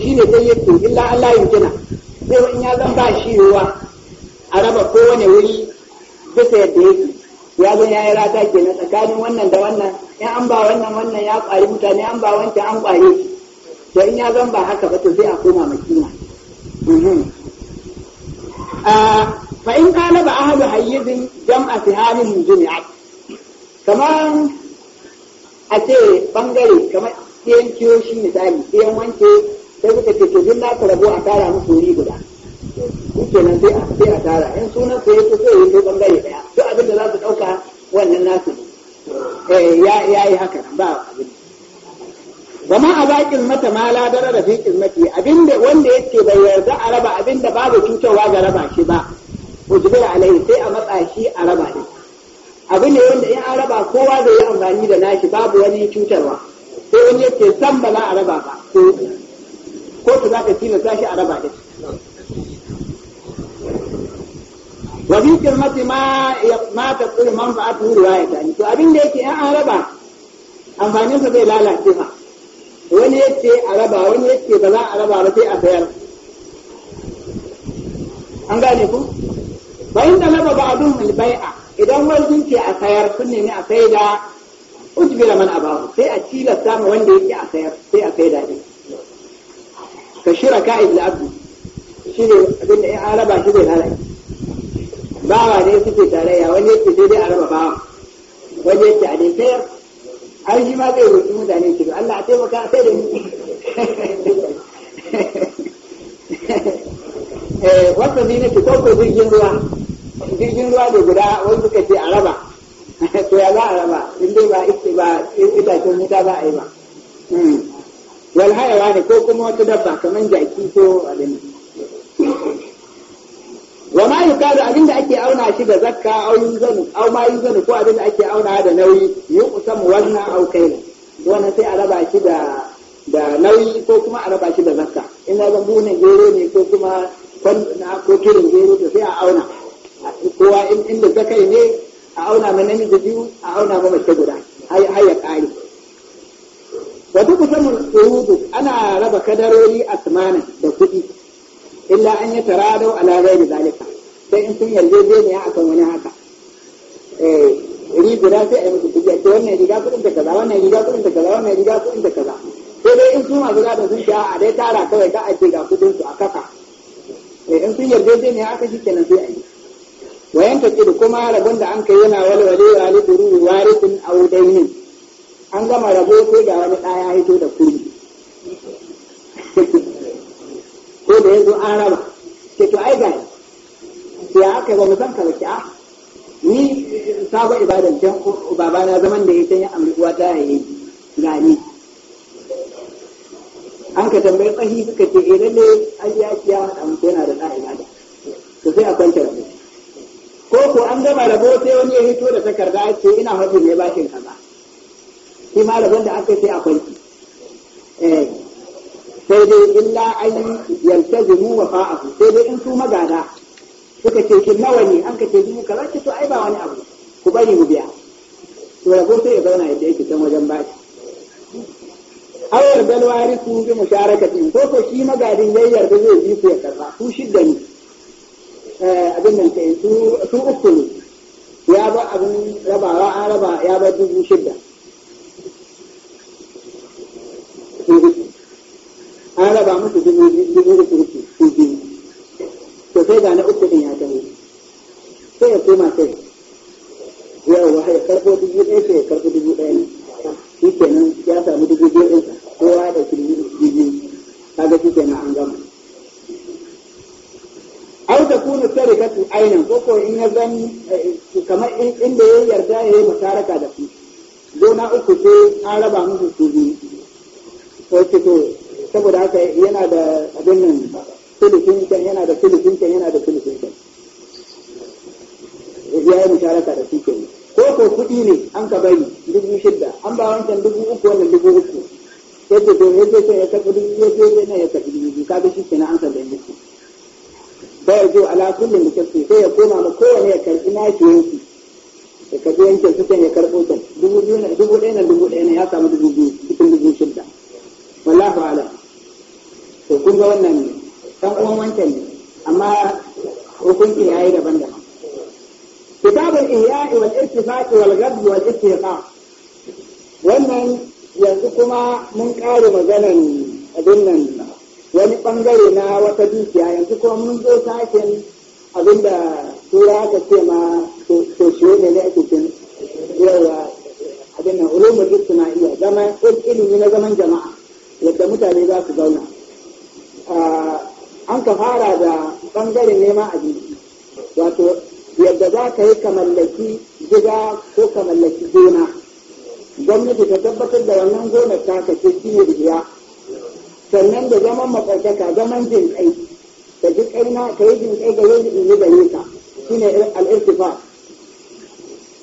shi ne zai yi illa Allah ya gina sai in ya zan ba shi ruwa a raba kowane wuri duka yadda yake ya zo ya yi rata kenan tsakanin wannan da wannan in an ba wannan wannan ya ƙwari mutane an ba wancan an ƙware shi in ya zan ba haka ba to sai a koma makina mhm. fa in kana ba ahadu hayyizin jam'a sihamin jumi'a kamar a ce bangare kamar ɗayan kiyo shi misali ɗayan wanke sai kuka ce to duk na rabo a tara musu wuri guda shi kenan sai a sai a tara in sunan sai yake sai yake bangare daya duk abin da za su dauka wannan nasu eh ya ya yi haka ba abin zama a bakin mata ma la da fi kismati abinda wanda yake bai yarda a raba abinda babu cutarwa ga raba shi ba ujbir alai sai a matsa shi a raba ne abu ne wanda in an raba kowa zai yi amfani da nashi babu wani cutarwa sai wani yake san ba za a raba ba ko ko za ka tilasta shi a raba da shi wa fi kirmati ma ya mata tsiri manfa'atu riwaya ta to abin da yake in an raba amfanin sa zai lalace fa wani yace a raba wani yace ba za a raba ba sai a sayar an gane ku bayan da laba ba abin min bai'a idan wani ce a sayar sun nemi a sai da ujbila man abahu sai a tilasta ma wanda yake a sayar sai a sai da ka shiraka ibn abdu shi ne abin da ya raba shi zai lalace Ba a ne suke tarayya wani yake daidai a raba bawa wani yake a daidai har shi ma zai roƙi mutane shi Allah a taimaka a sai da mu eh, wata zai nake kawai jirgin ruwa jirgin ruwa da guda wani suka ce a raba to ya za a raba in dai ba ba itacen wuta ba a yi ba hmm. wal hayawa ne ko kuma wata dabba kamar jaki ko abin wa ma yuqalu abinda ake auna shi da zakka aw yuzanu aw ma yuzanu ko abinda ake auna da nauyi yuqsam wazna au kaina wannan sai a raba shi da da nauyi ko kuma a raba shi da zakka in na zan bunin gero ne ko kuma na ko kirin gero to sai a auna kowa in inda zakai ne a auna ma namiji biyu a auna ma mace guda har ya kare wata kusan ana raba kadarori asmana da kuɗi illa an yi taradau ala ghairi zalika sai in sun zai yarjejeniya akan wani haka eh guda sai a yi musu kuɗi ce wannan riga kuɗin da kaza wannan riga kuɗin da kaza wannan riga kuɗin da kaza sai dai in su masu gadon sun sha a dai tara kawai ka a ce ga kuɗin su a kasa eh, in sun zai yarjejeniya aka shi kenan sai a yi wayan ta da kuma rabon da an kai yana walwale wa liduru warisin audainin an gama rabo sai ga wani ya hito da kuri ko da ya zo an raba ke to ai gani ya aka yi ba mu san ka a ni sabon ibadan can baba na zaman da ya can ya amurkuwa ta yayi gani an ka tambayi tsahi suka ce eh lalle an ya kiya amsa yana da ɗa ibada to sai a kwanta rabo ko ko an gama rabo sai wani ya hito da takarda ya ce ina hafi ne bashin kaza shi ma rabon da aka ce a kwanci eh sai dai illa an yaltazimu wa fa'ahu sai dai in su magada suka ce ki nawa ne an ka ce dubu kaza ki to ai ba wani abu ku bari mu biya to rabo sai ya zauna yadda yake can wajen baki aw yarda alwarisu bi musharakati ko ko shi magadin yayi yarda zai bi ku ya karba su shidda ne eh, abin nan kai su su uku ne ya ba abin rabawa an raba ya ba dubu shidda an raba musu dubu dubu uku uku su biyu to sai ga na uku din ya taho sai ya koma sai yau wa ya karɓo dubu ɗaya sai ya karɓo dubu ɗaya ne shi kenan ya samu dubu biyu ɗinsa kowa da dubu biyu kaga shi kenan an gama au ta kunu tarikatu ainihin ko ko in ya zan eh, kamar inda ya yarda ya yi masaraka da su gona uku sai an raba musu su biyu ko ce to saboda haka yana da abin nan filifin can yana da filifin can yana da filifin can ya yi musharaka da su kenan ko ko kuɗi ne an ka bari dubu shidda an ba wancan dubu uku wannan dubu uku yadda to ya ce ya tafi dubu ya ce ne ya tafi dubu ka bi shi kenan an sallan dubu ba ya zo ala kullum da kasu sai ya koma ma kowane ya karɓi na shi yanki ya karɓi yankin su kan ya karɓo can dubu biyu na dubu ɗaya na dubu ɗaya na ya samu dubu biyu cikin dubu shidda wallahu alam to kun ga wannan dan uwan wancan ne amma hukunci yayi daban-daban kitab al-ihya wal ittifaq wal ghadb wal ittiqa wannan yanzu kuma mun kare maganan abin nan wani bangare na wata dukiya yanzu kuma mun zo sakin abin da tura aka ce ma soshiyo ne ne ake cin yawa abin nan ulumul ijtima'iyya zaman ilimi na zaman jama'a yadda mutane za su zauna an ka fara da ɓangaren neman abinci wato yadda za ka yi ka mallaki gida ko ka mallaki gona gwamnati ta tabbatar da wannan gonar ta ce shi ne biya sannan da zaman makwataka zaman jin kai da ji kai na ka yi jin kai ga yanzu in yi gare ka shi ne al'irtifa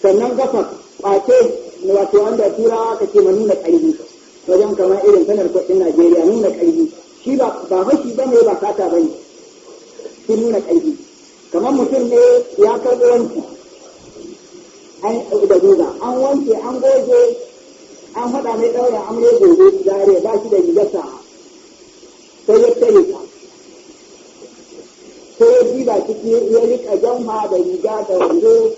sannan gafa kwace wato wanda turawa ka ce ma nuna ƙarfi wajen kamar irin sanar kuɗin najeriya nuna ƙarfi shi ba ba ba ne ba kata ba ne sun nuna ƙarfi kamar mutum ne ya karɓi wanki an da guga an wanke an goge an haɗa mai ɗaurin amre goge, zare ba shi da rigarsa sai ya tare ta sai ya diba ciki ya riƙa jamma da riga da wando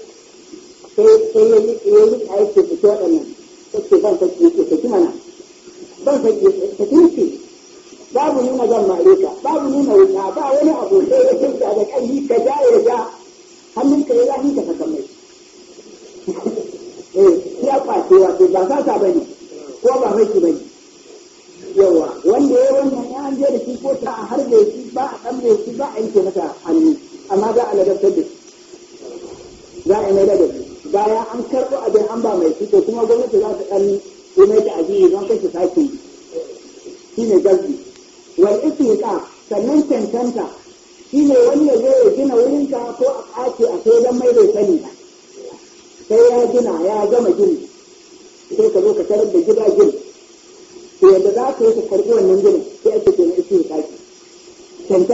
sai ya riƙa ya ce fito waɗannan sai ban sake ya ce saki mana ban sake ya ce saki babu nuna zan mare ka babu nuna wuta ba wani abu sai da kinta da ƙarfi ka ja ya ja hannun ka ya zafi ka saka mai eh ya kwace wato ba sa ta bane ko ba mai bane yawa wanda ya wannan ya an je da shi ko ta a harbe shi ba a ɗan shi ba a yanke masa hannu amma za a ladabtar da shi za a yi mai ladabi bayan an karɓo abin an ba mai shi to kuma gwamnati za ta ɗan yi mai ta ajiyi don kai su sake shi ne gazi wal istiqa sannan cancanta shi ne wani ya zo ya gina wurinka ko a ƙace a sai don mai bai sani ba sai ya gina ya gama gini sai ka zo ka tarar da gida gini to yadda za ka yi ka karɓi wannan ginin sai ake ke na ishe kaki abu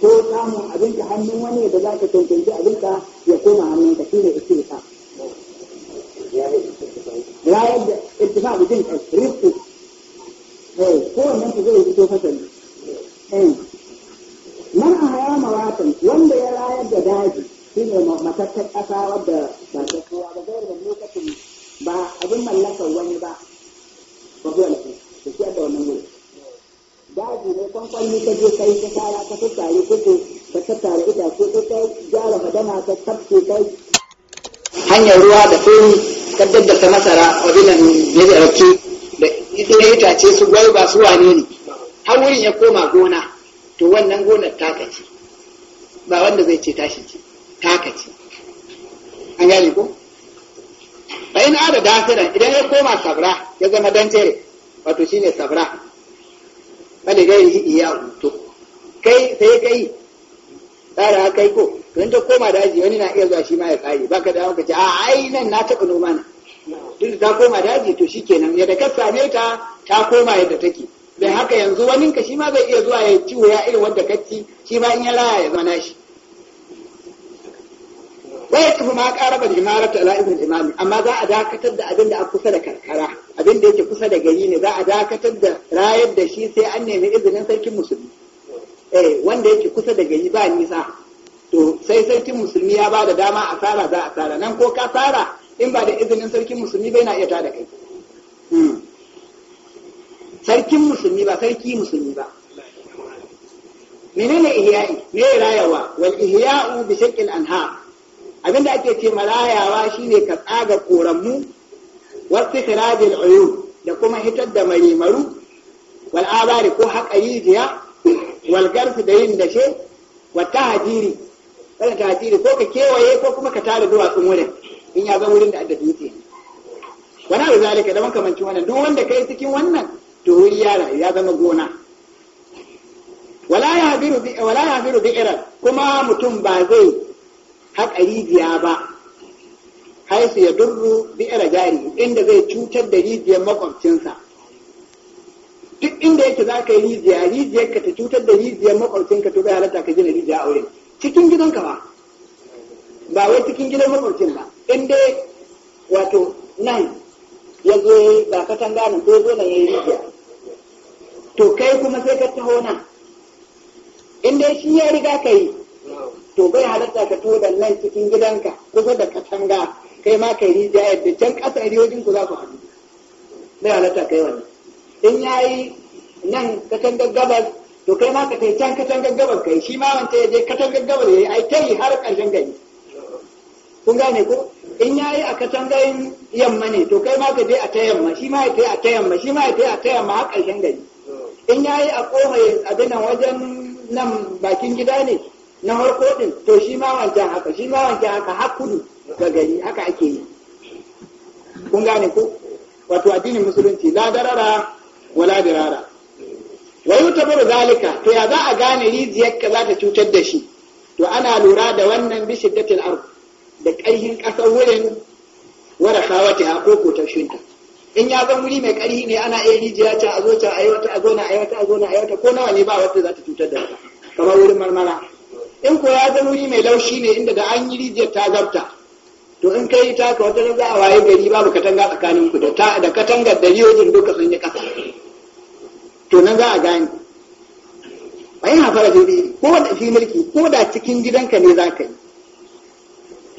ko samun abinka hannun wani yadda za ka cancanci abinka ya koma hannunka shi ne ishe ka ya yadda ittifa mutum rifku eh ko wannan ku zai fito fasali eh man haya mawatan wanda ya rayar da daji shine matattar kasa wadda ba ta kowa ba zai da lokacin ba abin mallakar wani ba ba zuwa da su da wannan wuri daji ne kwankwanni ta je kai ta kaya ta tattare kuku ta tattare itace ta ta gyara madama ta tafke kai hanyar ruwa da komi ta daddasa masara wajen da ya zai da idan itace su ba su wane ne har wurin ya koma gona to wannan gona taka ce ba wanda zai ce tashi ce taka ce an gane ko bayan ada dasiran idan ya koma sabra ya zama dantere wato shine sabra bale gairi hidi ya to kai sai kai tsara kai ko to in ta koma daji wani na iya zuwa shi ma ya kare baka da haka ce a ai nan na taɓa noma na duk ta koma daji to shikenan yadda ka same ta ta koma yadda take dan haka yanzu wani ka shi ma zai iya zuwa ya ci ya irin wanda ka ci shi ma in ya raya ya zama shi wai kuma ma ƙara ba imaratu ta ibn imami amma za a dakatar da abin da a kusa da karkara abin da yake kusa da gari ne za a dakatar da rayar da shi sai an nemi izinin sarkin musulmi eh wanda yake kusa da gari ba nisa to sai sarkin musulmi ya ba da dama a fara za a fara nan ko ka fara in ba da izinin sarkin musulmi bai na iya tada kai hmm. sarkin musulmi ba sarki musulmi ba menene ihya'i me ya rayawa wal ihya'u bi shaqqil anha abinda ake ce marayawa shine ka tsaga koranmu wal tikhrajil uyub da kuma hitar da marimaru wal abari ko haƙa jiya, wal garfi da yin dashe wata hajiri kada ko ka kewaye ko kuma ka tare duwatsun wurin in ya ga wurin da adda dutse wani abu zalika da makamancin wannan duk wanda kai cikin wannan to wuri ya rayu ya zama gona wala ya biru bi wala ya bi irar kuma mutum ba zai haƙa rijiya ba haisu ya durru bi ira jari inda zai cutar da rijiyar makwabcinsa duk inda yake za ka yi rijiya rijiyar ka ta cutar da rijiyar makwabcinka to bai halatta ka gina rijiya a wurin cikin gidanka ba ba wai cikin gidan makwabcin ba in dai wato nan ya zo ba katanga nan ko zo na ya yi rijiya to kai kuma sai ka taho nan in dai shi ya riga ka yi to bai halatta ka taho da nan cikin gidanka kusa da katanga kai ma ka yi rijiya yadda can ƙasa riyojin ku za ku haɗu bai halatta ka yi wannan in ya yi nan katangar gabas to kai ma ka tai can katangar gabas ka yi shi ma wancan ya je katangar gabas ya yi ai ta yi har ƙarshen gari kun gane ko in yayi a katangayin yamma ne to kai ma ka je a ta yamma shi ma ya ta a ta yamma shi ma ya ta a ta yamma har ƙarshen gari in yayi a koma abin nan wajen nan bakin gida ne na harko din to shi ma wancan haka shi ma wancan haka har kudu ga gari haka ake yi kun gane ko wato addinin musulunci la darara wala dirara wa yutabaru zalika to ya za a gane rijiyar ka za ta cutar da shi to ana lura da wannan bi shiddatil ardh da ƙarhin ƙasar wurin wara shawata ha ko shinta in ya zan wuri mai ƙarhi ne ana iya rijiya can a zo ta a yi wata a zona a yi wata a zona a yi wata ko nawa ne ba wata za ta cutar da ta kamar wurin marmara in ko ya zan wuri mai laushi ne inda da an yi rijiyar ta zabta to in kai ta ka wata za a waye gari babu katanga tsakanin ku da ta da katangar da riyojin duka sun yi ƙasa. to nan za a gane bayan hafara jirgi ko da shi mulki ko da cikin gidanka ne za ka yi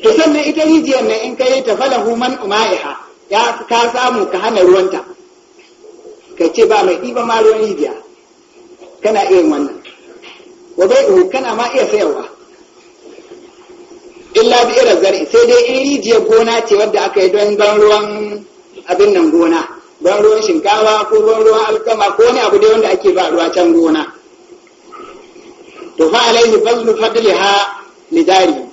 to sannan ita rijiyar ne in ka yi ta falahu man uma'iha ya ka samu ka hana ruwanta ka ce ba mai ɗiba ma ruwan rijiya kana iya wannan wa bai kana ma iya sayarwa illa bi irin zari sai dai in rijiyar gona ce wadda aka yi don ban ruwan abin nan gona ban ruwan shinkawa ko ban ruwan alkama ko wani abu dai wanda ake ba ruwa can gona to fa alaihi fadliha lidari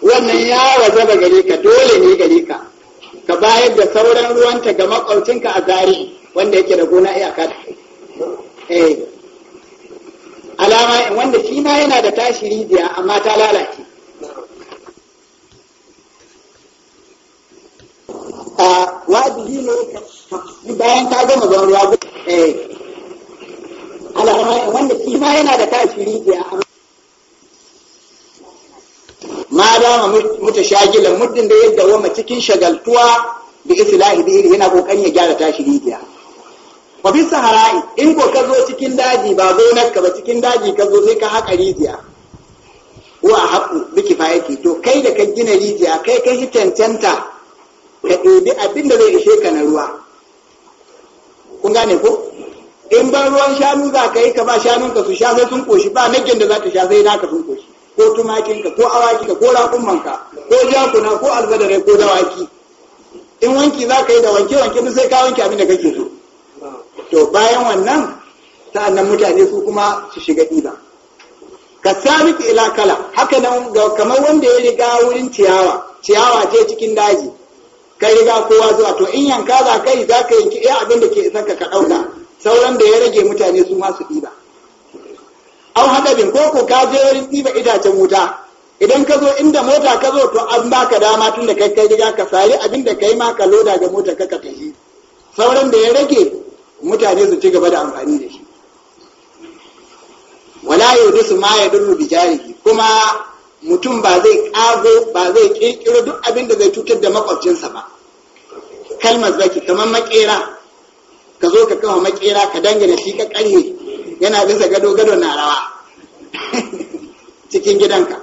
wannan ya wajaba gare ka dole ne gare ka ka bayar da sauran ruwanta ga makwabcinka a zari wanda yake da gona iyaka da eh alama wanda shi ma yana da tashi rijiya amma ta lalace a wajibi ne bayan ta gama ruwan ruwa eh alama wanda shi ma yana da tashi rijiya amma ma dama muta shagilan muddin da yadda wama cikin shagaltuwa bi islahi bihi yana kokarin ya gyara tashi rijiya wa bi sahara'i in ko ka zo cikin daji ba gonar ka ba cikin daji ka zo sai ka haka rijiya wa haƙu bi kifayati to kai da ka gina rijiya kai ka hi ka dubi abin da zai ishe ka na ruwa kun gane ko in ba ruwan shanu za ka yi ka ba shanun ka su sha sai sun koshi ba nagin da za ta sha sai naka sun koshi ko tumakinka ko awakinka ko raƙumanka ko jakuna ko albadare ko dawaki in wanki za ka yi da wanke-wanke duk sai ka wanke abin da kake so to bayan wannan annan mutane su kuma su shiga ɗiba ka sabiq ila kala haka nan kamar wanda ya riga wurin ciyawa ciyawa ce cikin daji ka riga kowa zuwa to in yanka za ka za ka yanki ɗaya abin da ke isa ka ka ɗauka sauran da ya rage mutane su masu ɗiba au haɗarin ko ko ka je wurin ɗiba itacen wuta idan ka zo inda mota ka zo to an baka dama tun da kai kai riga ka sari abin da kai ma ka loda ga mota ka ka tafi sauran da ya rage mutane su ci gaba da amfani da shi wala su ma yadurru da jari kuma mutum ba zai kago ba zai ƙirƙiro duk abin da zai cutar da makwabcinsa ba kalmar zaki kamar makera ka zo ka kawo maƙera, ka dangana shi ka karye yana bisa gado gado na rawa cikin gidanka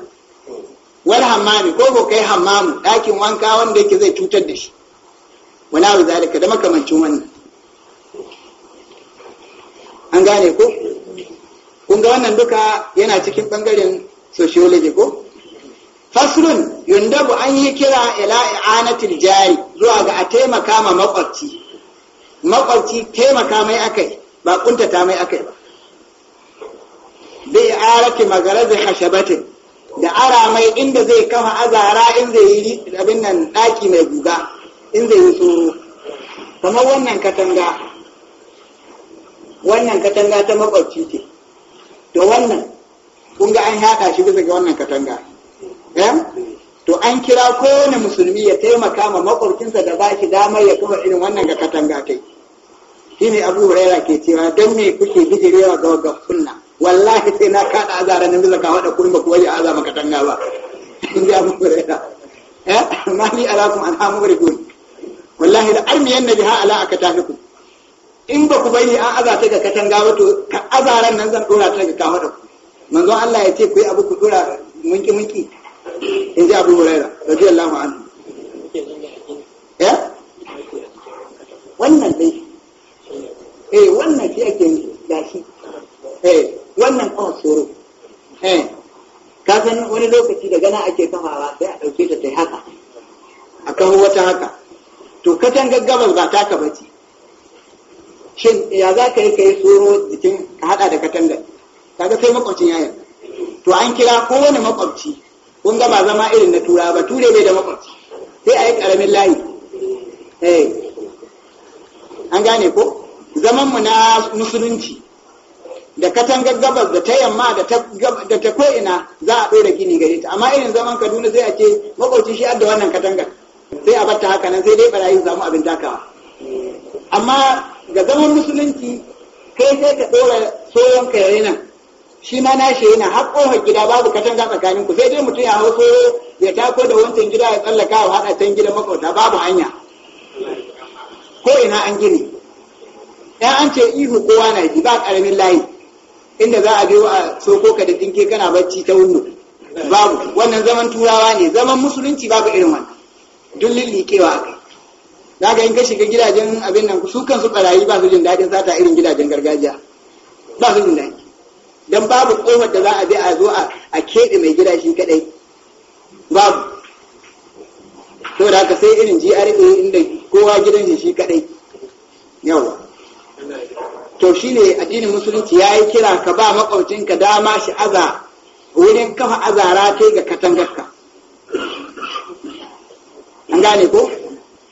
wal hammami ko ko kai hammamu ɗakin wanka wanda yake zai cutar da shi wala wa zalika da makamancin wannan an gane ko kun ga wannan duka yana cikin bangaren sociology ko Fasrun yundabu an yi kira ila i'anatil jari zuwa ga a taimaka ma makwabci makwabci taimaka mai akai ba kuntata mai akai ba bai arati magarazi hashabatin da ara mai inda zai kama azara in zai yi abin nan daki mai guga in zai yi tsoro kamar wannan katanga wannan katanga ta makwabci ce to wannan kun ga an haka shi bisa ga wannan katanga eh? to an kira kowane musulmi ya taimaka ma makwabcinsa da ba shi damar ya kuma irin wannan ga katanga kai yi shine abu huraira ke cewa don me kuke bijirewa ga wagga kunna wallahi sai na kada azara nan mizaka ka hada kurin ba kuwa azara azama tanga ba in ji ga mu rera eh mali alaikum an hamu rikun wallahi da armiyan nabi ha ala aka ku. in ba ku bari an azara ta ga katanga ba to ka azaran nan zan dora ta ga ka hada ku manzo Allah ya ce ku yi abu ku dora munki munki in ji Abu Hurairah radiyallahu anhu eh wannan dai eh wannan shi ake shi eh wannan kawa tsoro eh, ka san wani lokaci da gana ake kafawa sai a ɗauke ta ta haka a kawo wata haka to katon gaggabar ba taka ba ce shin ya za ka yi ka yi tsoro jikin ka haɗa da Ta kaga sai makwabcin yayin to an kira kowane makwabci kun ga ba zama irin na tura ba ture bai da makwabci sai a yi ƙaramin layi eh, an gane ko zaman mu na musulunci da katangar gabas da ta yamma da ta ko'ina za a ɗora gini gare ta amma irin zaman kaduna zai a ce makwabci shi da wannan katangar sai a batta haka nan sai dai barayi samu abin takawa amma ga zaman musulunci kai sai ka ɗora soyon ka yare nan shi ma nashi yana har ƙofar gida babu katanga tsakanin ku sai dai mutum ya hau soyo ya tako da wancan gida ya tsallaka wa haɗa can gidan makwabta babu hanya ko ina an gini ya an ce ihu kowa na ji ba ƙaramin layi inda za a biyo a soko ka da tsinke kana bacci ta wunnu babu wannan zaman turawa ne zaman musulunci babu irin wannan duk lillikewa a kai za ka in ka shiga gidajen abin nan su kansu barayi ba su jin daɗin sata irin gidajen gargajiya ba su jin daɗi don babu ƙofar da za a bi a zo a keɓe mai gida shi kaɗai babu da haka sai irin GRA inda kowa gidan shi shi kaɗai yawa to shi ne addinin musulunci ya yi kira ka ba makwabcinka dama shi aza wurin kafa azara ta ga katangarka an gane ko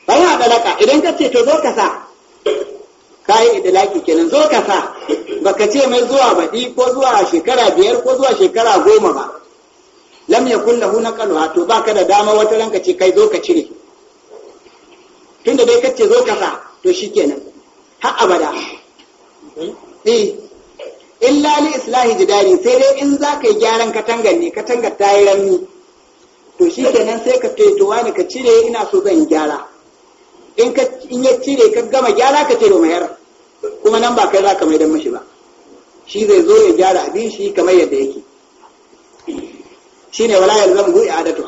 bayan adalaka idan ka ce to zo ka sa ka yi idalaki kenan zo ka sa baka ce mai zuwa baɗi ko zuwa shekara biyar ko zuwa shekara goma ba lam ya kulla huna kano to ba ka da dama wata ranka ce kai zo ka cire tunda dai ka ce zo ka sa to shi kenan har abada Eh, in lali li islahi jidari sai dai in za ka yi gyaran katangar ne katangar ta yi rami to shi kenan sai ka ce to wani ka cire ina so zan gyara in ka in ya cire ka gama gyara ka ce da mayar kuma nan ba kai za ka maidan mashi ba shi zai zo ya gyara abin shi kamar yadda yake shine wala yalzam hu adatu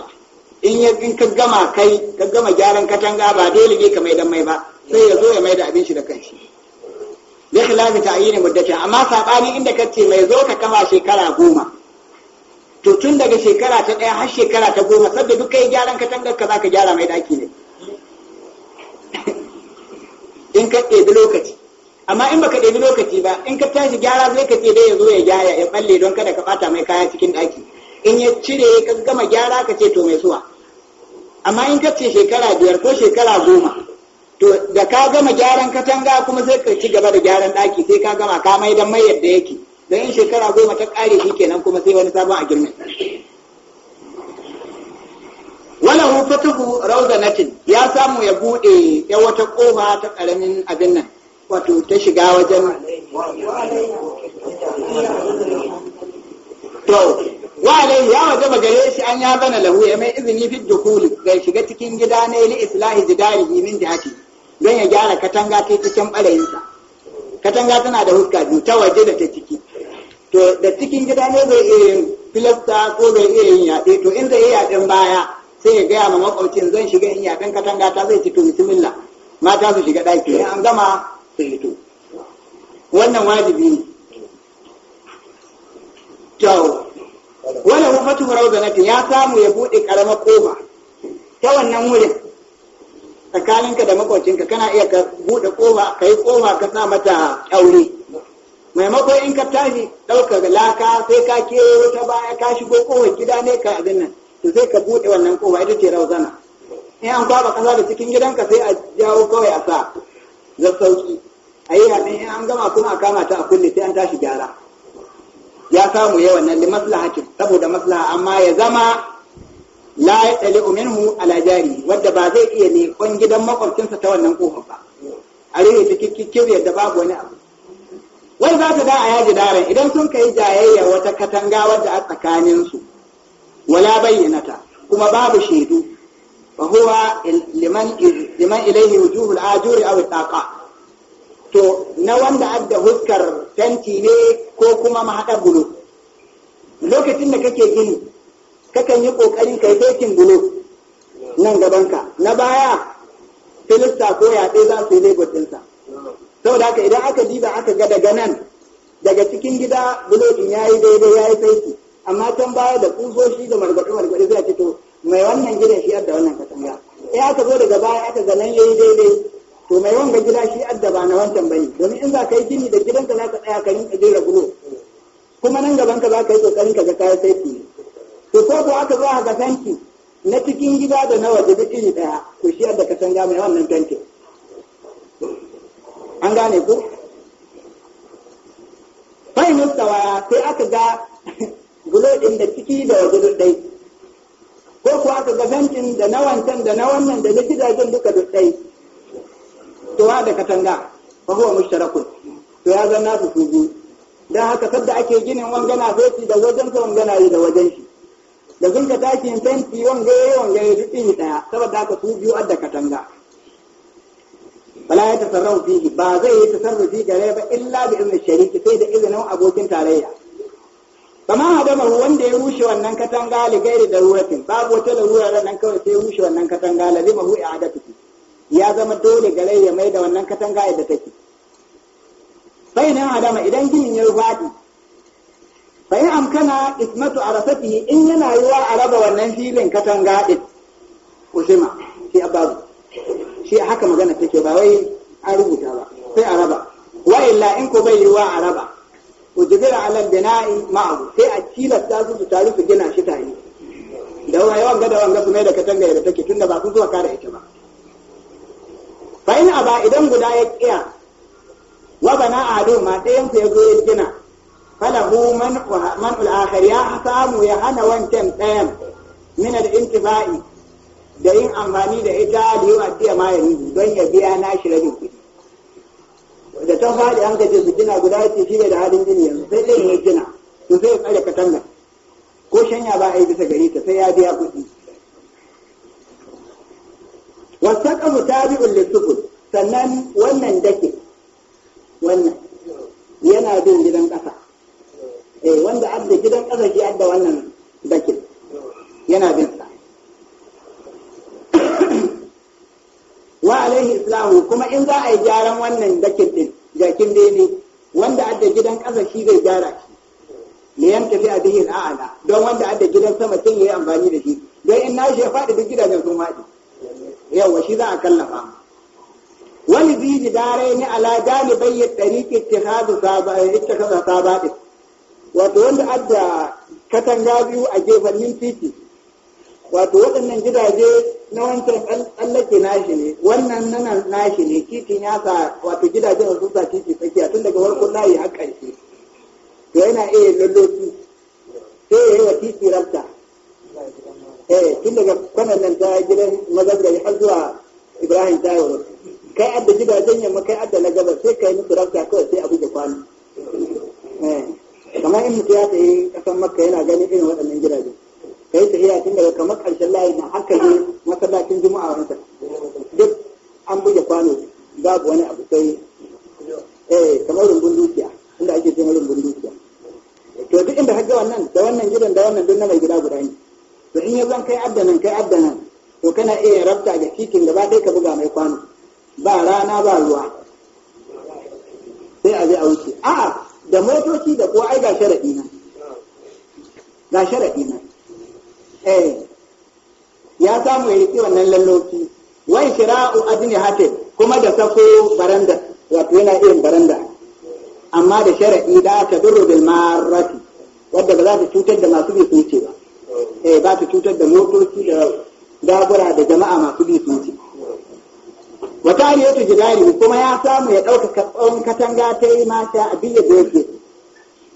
in ya in ka gama kai ka gama gyaran katanga ba dole ne ka maidan mai ba sai ya zo ya maida abin shi da kanshi bi khilafi ta'yin muddati amma sabani inda kace mai zo ka kama shekara goma to tun daga shekara ta daya har shekara ta goma sabda duk kai gyaran katangar ka zaka gyara mai daki ne in ka ɗebi lokaci amma in baka ɗebi lokaci ba in ka tashi gyara zai ka ce dai ya zo ya gyara ya balle don kada ka bata mai kaya cikin daki in ya cire ka gama gyara ka ce to mai suwa amma in ka ce shekara biyar ko shekara goma to da ka gama gyaran katanga kuma sai ka ci gaba da gyaran ɗaki sai ka gama ka mai dan mai yadda yake don in shekara goma ta ƙare shi kenan kuma sai wani sabon a girma walahu fatahu Natin ya samu ya bude ya wata kofa ta karamin abin nan wato ta shiga wajen to ya waje ba gare shi an ya bana lahu ya mai izini fi dukuli ga shiga cikin gida ne li islahi jidarihi min jihati don ya gyara katanga ta cikin ɓarayinsa katanga tana da huska biyu ta waje da ta ciki to da cikin gida ne zai iya yin filasta ko zai iya yin yaɗe to in zai iya yaɗen baya sai ya gaya ma makwabcin zan shiga in yaɗen katanga ta zai fito bismillah mata su shiga ɗaki in an gama su fito wannan wajibi ne to wala na rawdanati ya samu ya buɗe ƙaramar ƙofa ta wannan wurin tsakaninka da makocinka kana iya ka buɗe koma ka yi koma ka sa mata aure maimakon in ka tashi ɗaukar laka sai ka ke wata baya ka shigo ƙofar gida ne ka abin nan to sai ka buɗe wannan koma ita ce rauzana in an kwaba ƙasa da cikin gidanka sai a jawo kawai a sa zassauki. sauki a yi haɗin in an gama kuma a kama ta a kulle sai an tashi gyara ya samu yawan nan maslaha ce, saboda maslaha amma ya zama la ya tsale minhu ala jari wadda ba zai iya ne gidan makwabcinsa ta wannan kofar ba a rere ta kikkire yadda babu wani abu wai za ta da a yaji daren idan sun kai jayayya wata katanga wadda a tsakaninsu wala bayyana ta, kuma babu shaidu fa huwa liman liman ilaihi wujuhul ajuri aw taqa to na wanda adda huskar tanti ne ko kuma mahada gudu? lokacin da kake gini kakan yi kokari kai fekin bulo nan gabanka na baya filista ko yaɗe za su yi lagos ɗinsa saboda haka idan aka diba aka ga daga nan daga cikin gida bulo ɗin ya yi daidai ya yi fekin amma can baya da kusoshi da margwaɗe-margwaɗe zai fito mai wannan gidan shi adda wannan katanga Ya aka zo daga baya aka ga nan yayi daidai to mai wanga gida shi adda ba na wancan bane domin in za ka yi gini da gidanka za ka tsaya ka rinka jera bulo kuma nan gaban ka za ka yi kokarin ka ga kayan sai saboda haka za ka tanki na cikin gida da na waje duk iri daya to shi da ka san ga mai wannan tanki an gane ku bai mustawa sai aka ga gulo din da ciki da waje duk dai ko ko aka ga tankin da na wancan da na wannan da na gidajen duka duk dai to wa da katanga fa huwa mushtarakun to ya zama su su biyu don haka kada ake ginin wangana sai da wajen sa wangana yi da wajen shi da sun ka taki fenti wanga ya wanga ya duk ni daya saboda haka su biyu adda katanga bala ya tasarrafu fihi ba zai yi tasarrufi gare ba illa bi izinin shariki sai da izinin abokin tarayya kama hadama wanda ya rushe wannan katanga li gairi daruratin babu wata larura nan kawai sai ya rushe wannan katanga lazima hu i'adatu ya zama dole gare ya mai da wannan katanga da take sai nan adama idan ginin ya fadi fa in amkana ismatu arasatihi in yana yiwa a raba wannan filin katanga din ushima shi ababu shi haka magana take ba wai an rubuta ba sai a raba wa illa in ko bai yiwa a raba ujibira ala bina'i ma'ahu sai a tilasta su su taru su gina shi tare da wani yawan da wanga su mai da katanga da take tunda ba su zuwa kare ita ba fa in aba idan guda ya ƙiya, wa bana adu ma ɗayan ku ya zo ya gina falahu man man al-akhir ya samu ya hana wancan ɗayan min al-intifa'i da yin amfani da ita da yawa tiya ma ya don ya biya na rabin kuɗi da ta faɗi an gaje su gina guda ce shi da halin gini yanzu sai dai ya gina to sai tsare katangar ko shanya ba a yi bisa gari ta sai ya biya kuɗi wasaƙa mutabi'un lissufus sannan wannan dake wannan yana bin gidan ƙasa eh wanda adda gidan ƙasa kazafi adda wannan dakin yana bin sa wa alaihi islamu kuma in za a yi gyaran wannan dakin din jakin bene wanda adda gidan ƙasa shi zai gyara shi ne yan tafi a bihin a'ala don wanda adda gidan sama sun yi amfani da shi don in na shi ya faɗi duk gidajen sun faɗi yawa shi za a kallafa wani biji dare ne ala janibai ya ɗari ke ittikaza sabaɗin wato wanda adda katanga biyu a gefen titi wato waɗannan gidaje na wancan tsallake nashi ne wannan nana nashi ne titin ya sa wato gidajen sun sa titi tsakiya tun daga farkon layi har ƙarshe to yana iya lalloci sai ya yi wa titi rabta eh tun daga kwanan nan ta gidan mazabgari har zuwa ibrahim yi kai adda gidajen yamma kai adda na gaba sai kai musu rabta kawai sai a buge kwano eh. kamar in mutu ya tafi kasan makka yana ganin irin waɗannan gidaje ka yi tafiya tun daga kamar ƙarshen layi na haka yi masallacin juma'a wanta duk an buge kwano babu wani abu sai eh kamar rumbun dukiya inda ake cewa rumbun dukiya to duk inda hajja wannan da wannan gidan da wannan duk na mai gida guda ne to in ya zan kai nan kai nan to kana iya rabta da kikin gaba ɗaya ka buga mai kwano ba rana ba ruwa sai a je a wuce a'a da motoci da kuwa ai ga sharaɗi na ga sharaɗi na eh ya samu ya riƙi wannan lalloci wai shira'u adini hate kuma da sako baranda wato yana irin baranda amma da sharaɗi da ta duro da marati wadda ba za ta cutar da masu bi sun ce ba eh ba ta cutar da motoci da dabura da jama'a masu bi sun ce. wa tariyatu jidari kuma ya samu ya ɗauka tsawon katanga ta yi mata abin da yake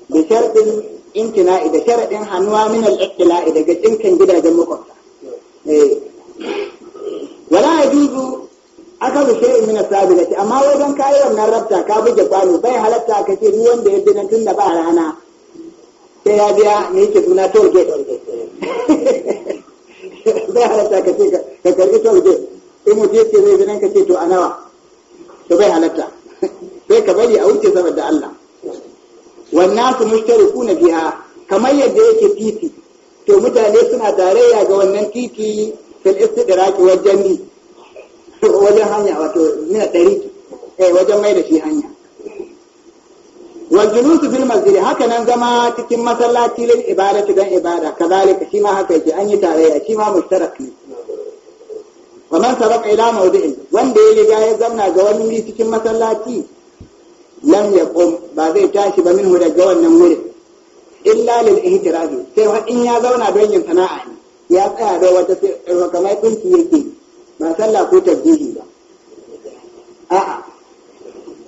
da sharɗin inkina da sharaɗin hannuwa min al-iqtila'i daga gidajen makwabta eh. wala yajuzu aka bi shay'in min as-sabilati amma wajen kai wannan rabta ka buge kwano bai halatta ka ce ni wanda ya bi nan da ba rana sai ya biya ne yake suna tolgate tolge bai halatta ka ce ka karbi tolgate in muje ce zai zina ka ce to a nawa to bai halatta sai ka bari a wuce saboda Allah wannan su mushtaru kuna biya kamar yadda yake titi to mutane suna tarayya ga wannan titi fil istidraki wajen ni wajen hanya wato mina ɗari eh, wajen mai da shi hanya wal julusu fil masjid haka nan zama cikin masallaci lil ibadati dan ibada kazalika shi ma haka yake an yi tarayya shi ma mushtarak ne wa man sabaka ila mawdi'in wanda ya riga ya zauna ga wani wuri cikin masallaci lam yaqum ba zai tashi ba minhu daga wannan wurin illa lil ihtirazi sai fa in ya zauna don yin sana'a ne ya tsaya da wata eh, kamar dinki yake ba sallah ko tabbihi ba a'a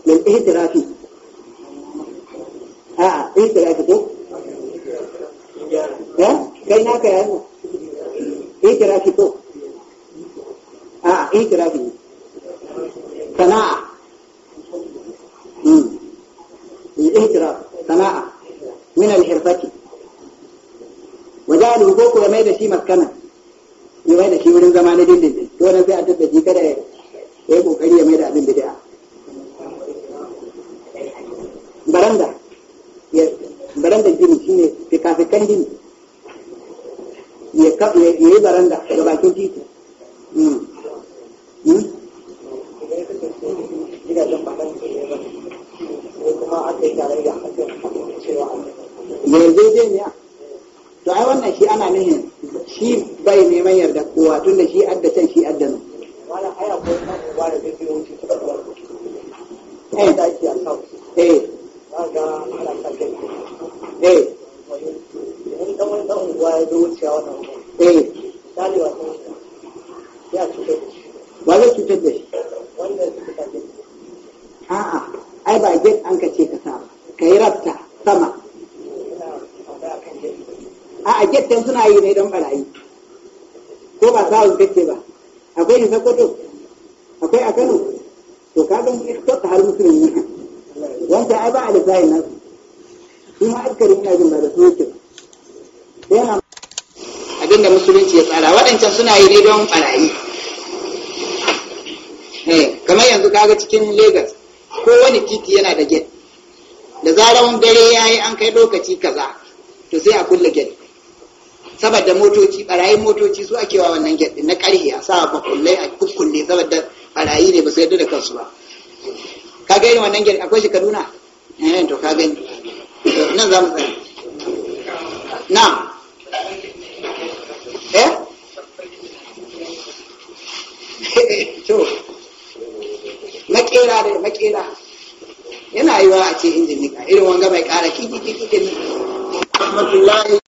lil ihtirazi a'a ihtirazi ko eh kai naka yayi ihtirazi ko हाँ एक रही तना الإهجرة صناعة من الحرفة وجعل وقوك وما يدى شي مكانا يما يدى شي ولن زمان دين دين تو أنا في أدب دي كده يبقى كده يما يدى أبن بداع برندة برندة جيني شيني في كافي كان جيني يكب يري برندة لو باكين suna yi ne don barayi eh, kamar yanzu kaga cikin lagos wani titi yana da gate da zarar dare ya yi an kai lokaci kaza to sai a kulle gate saboda motoci barayin motoci su ake wa wannan gate na karhe a sa kulle a kukkulle saboda barayi ne ba su yadda da kansu ba ka gani wannan gate akwai shi kaduna eh to ka gani nan za mu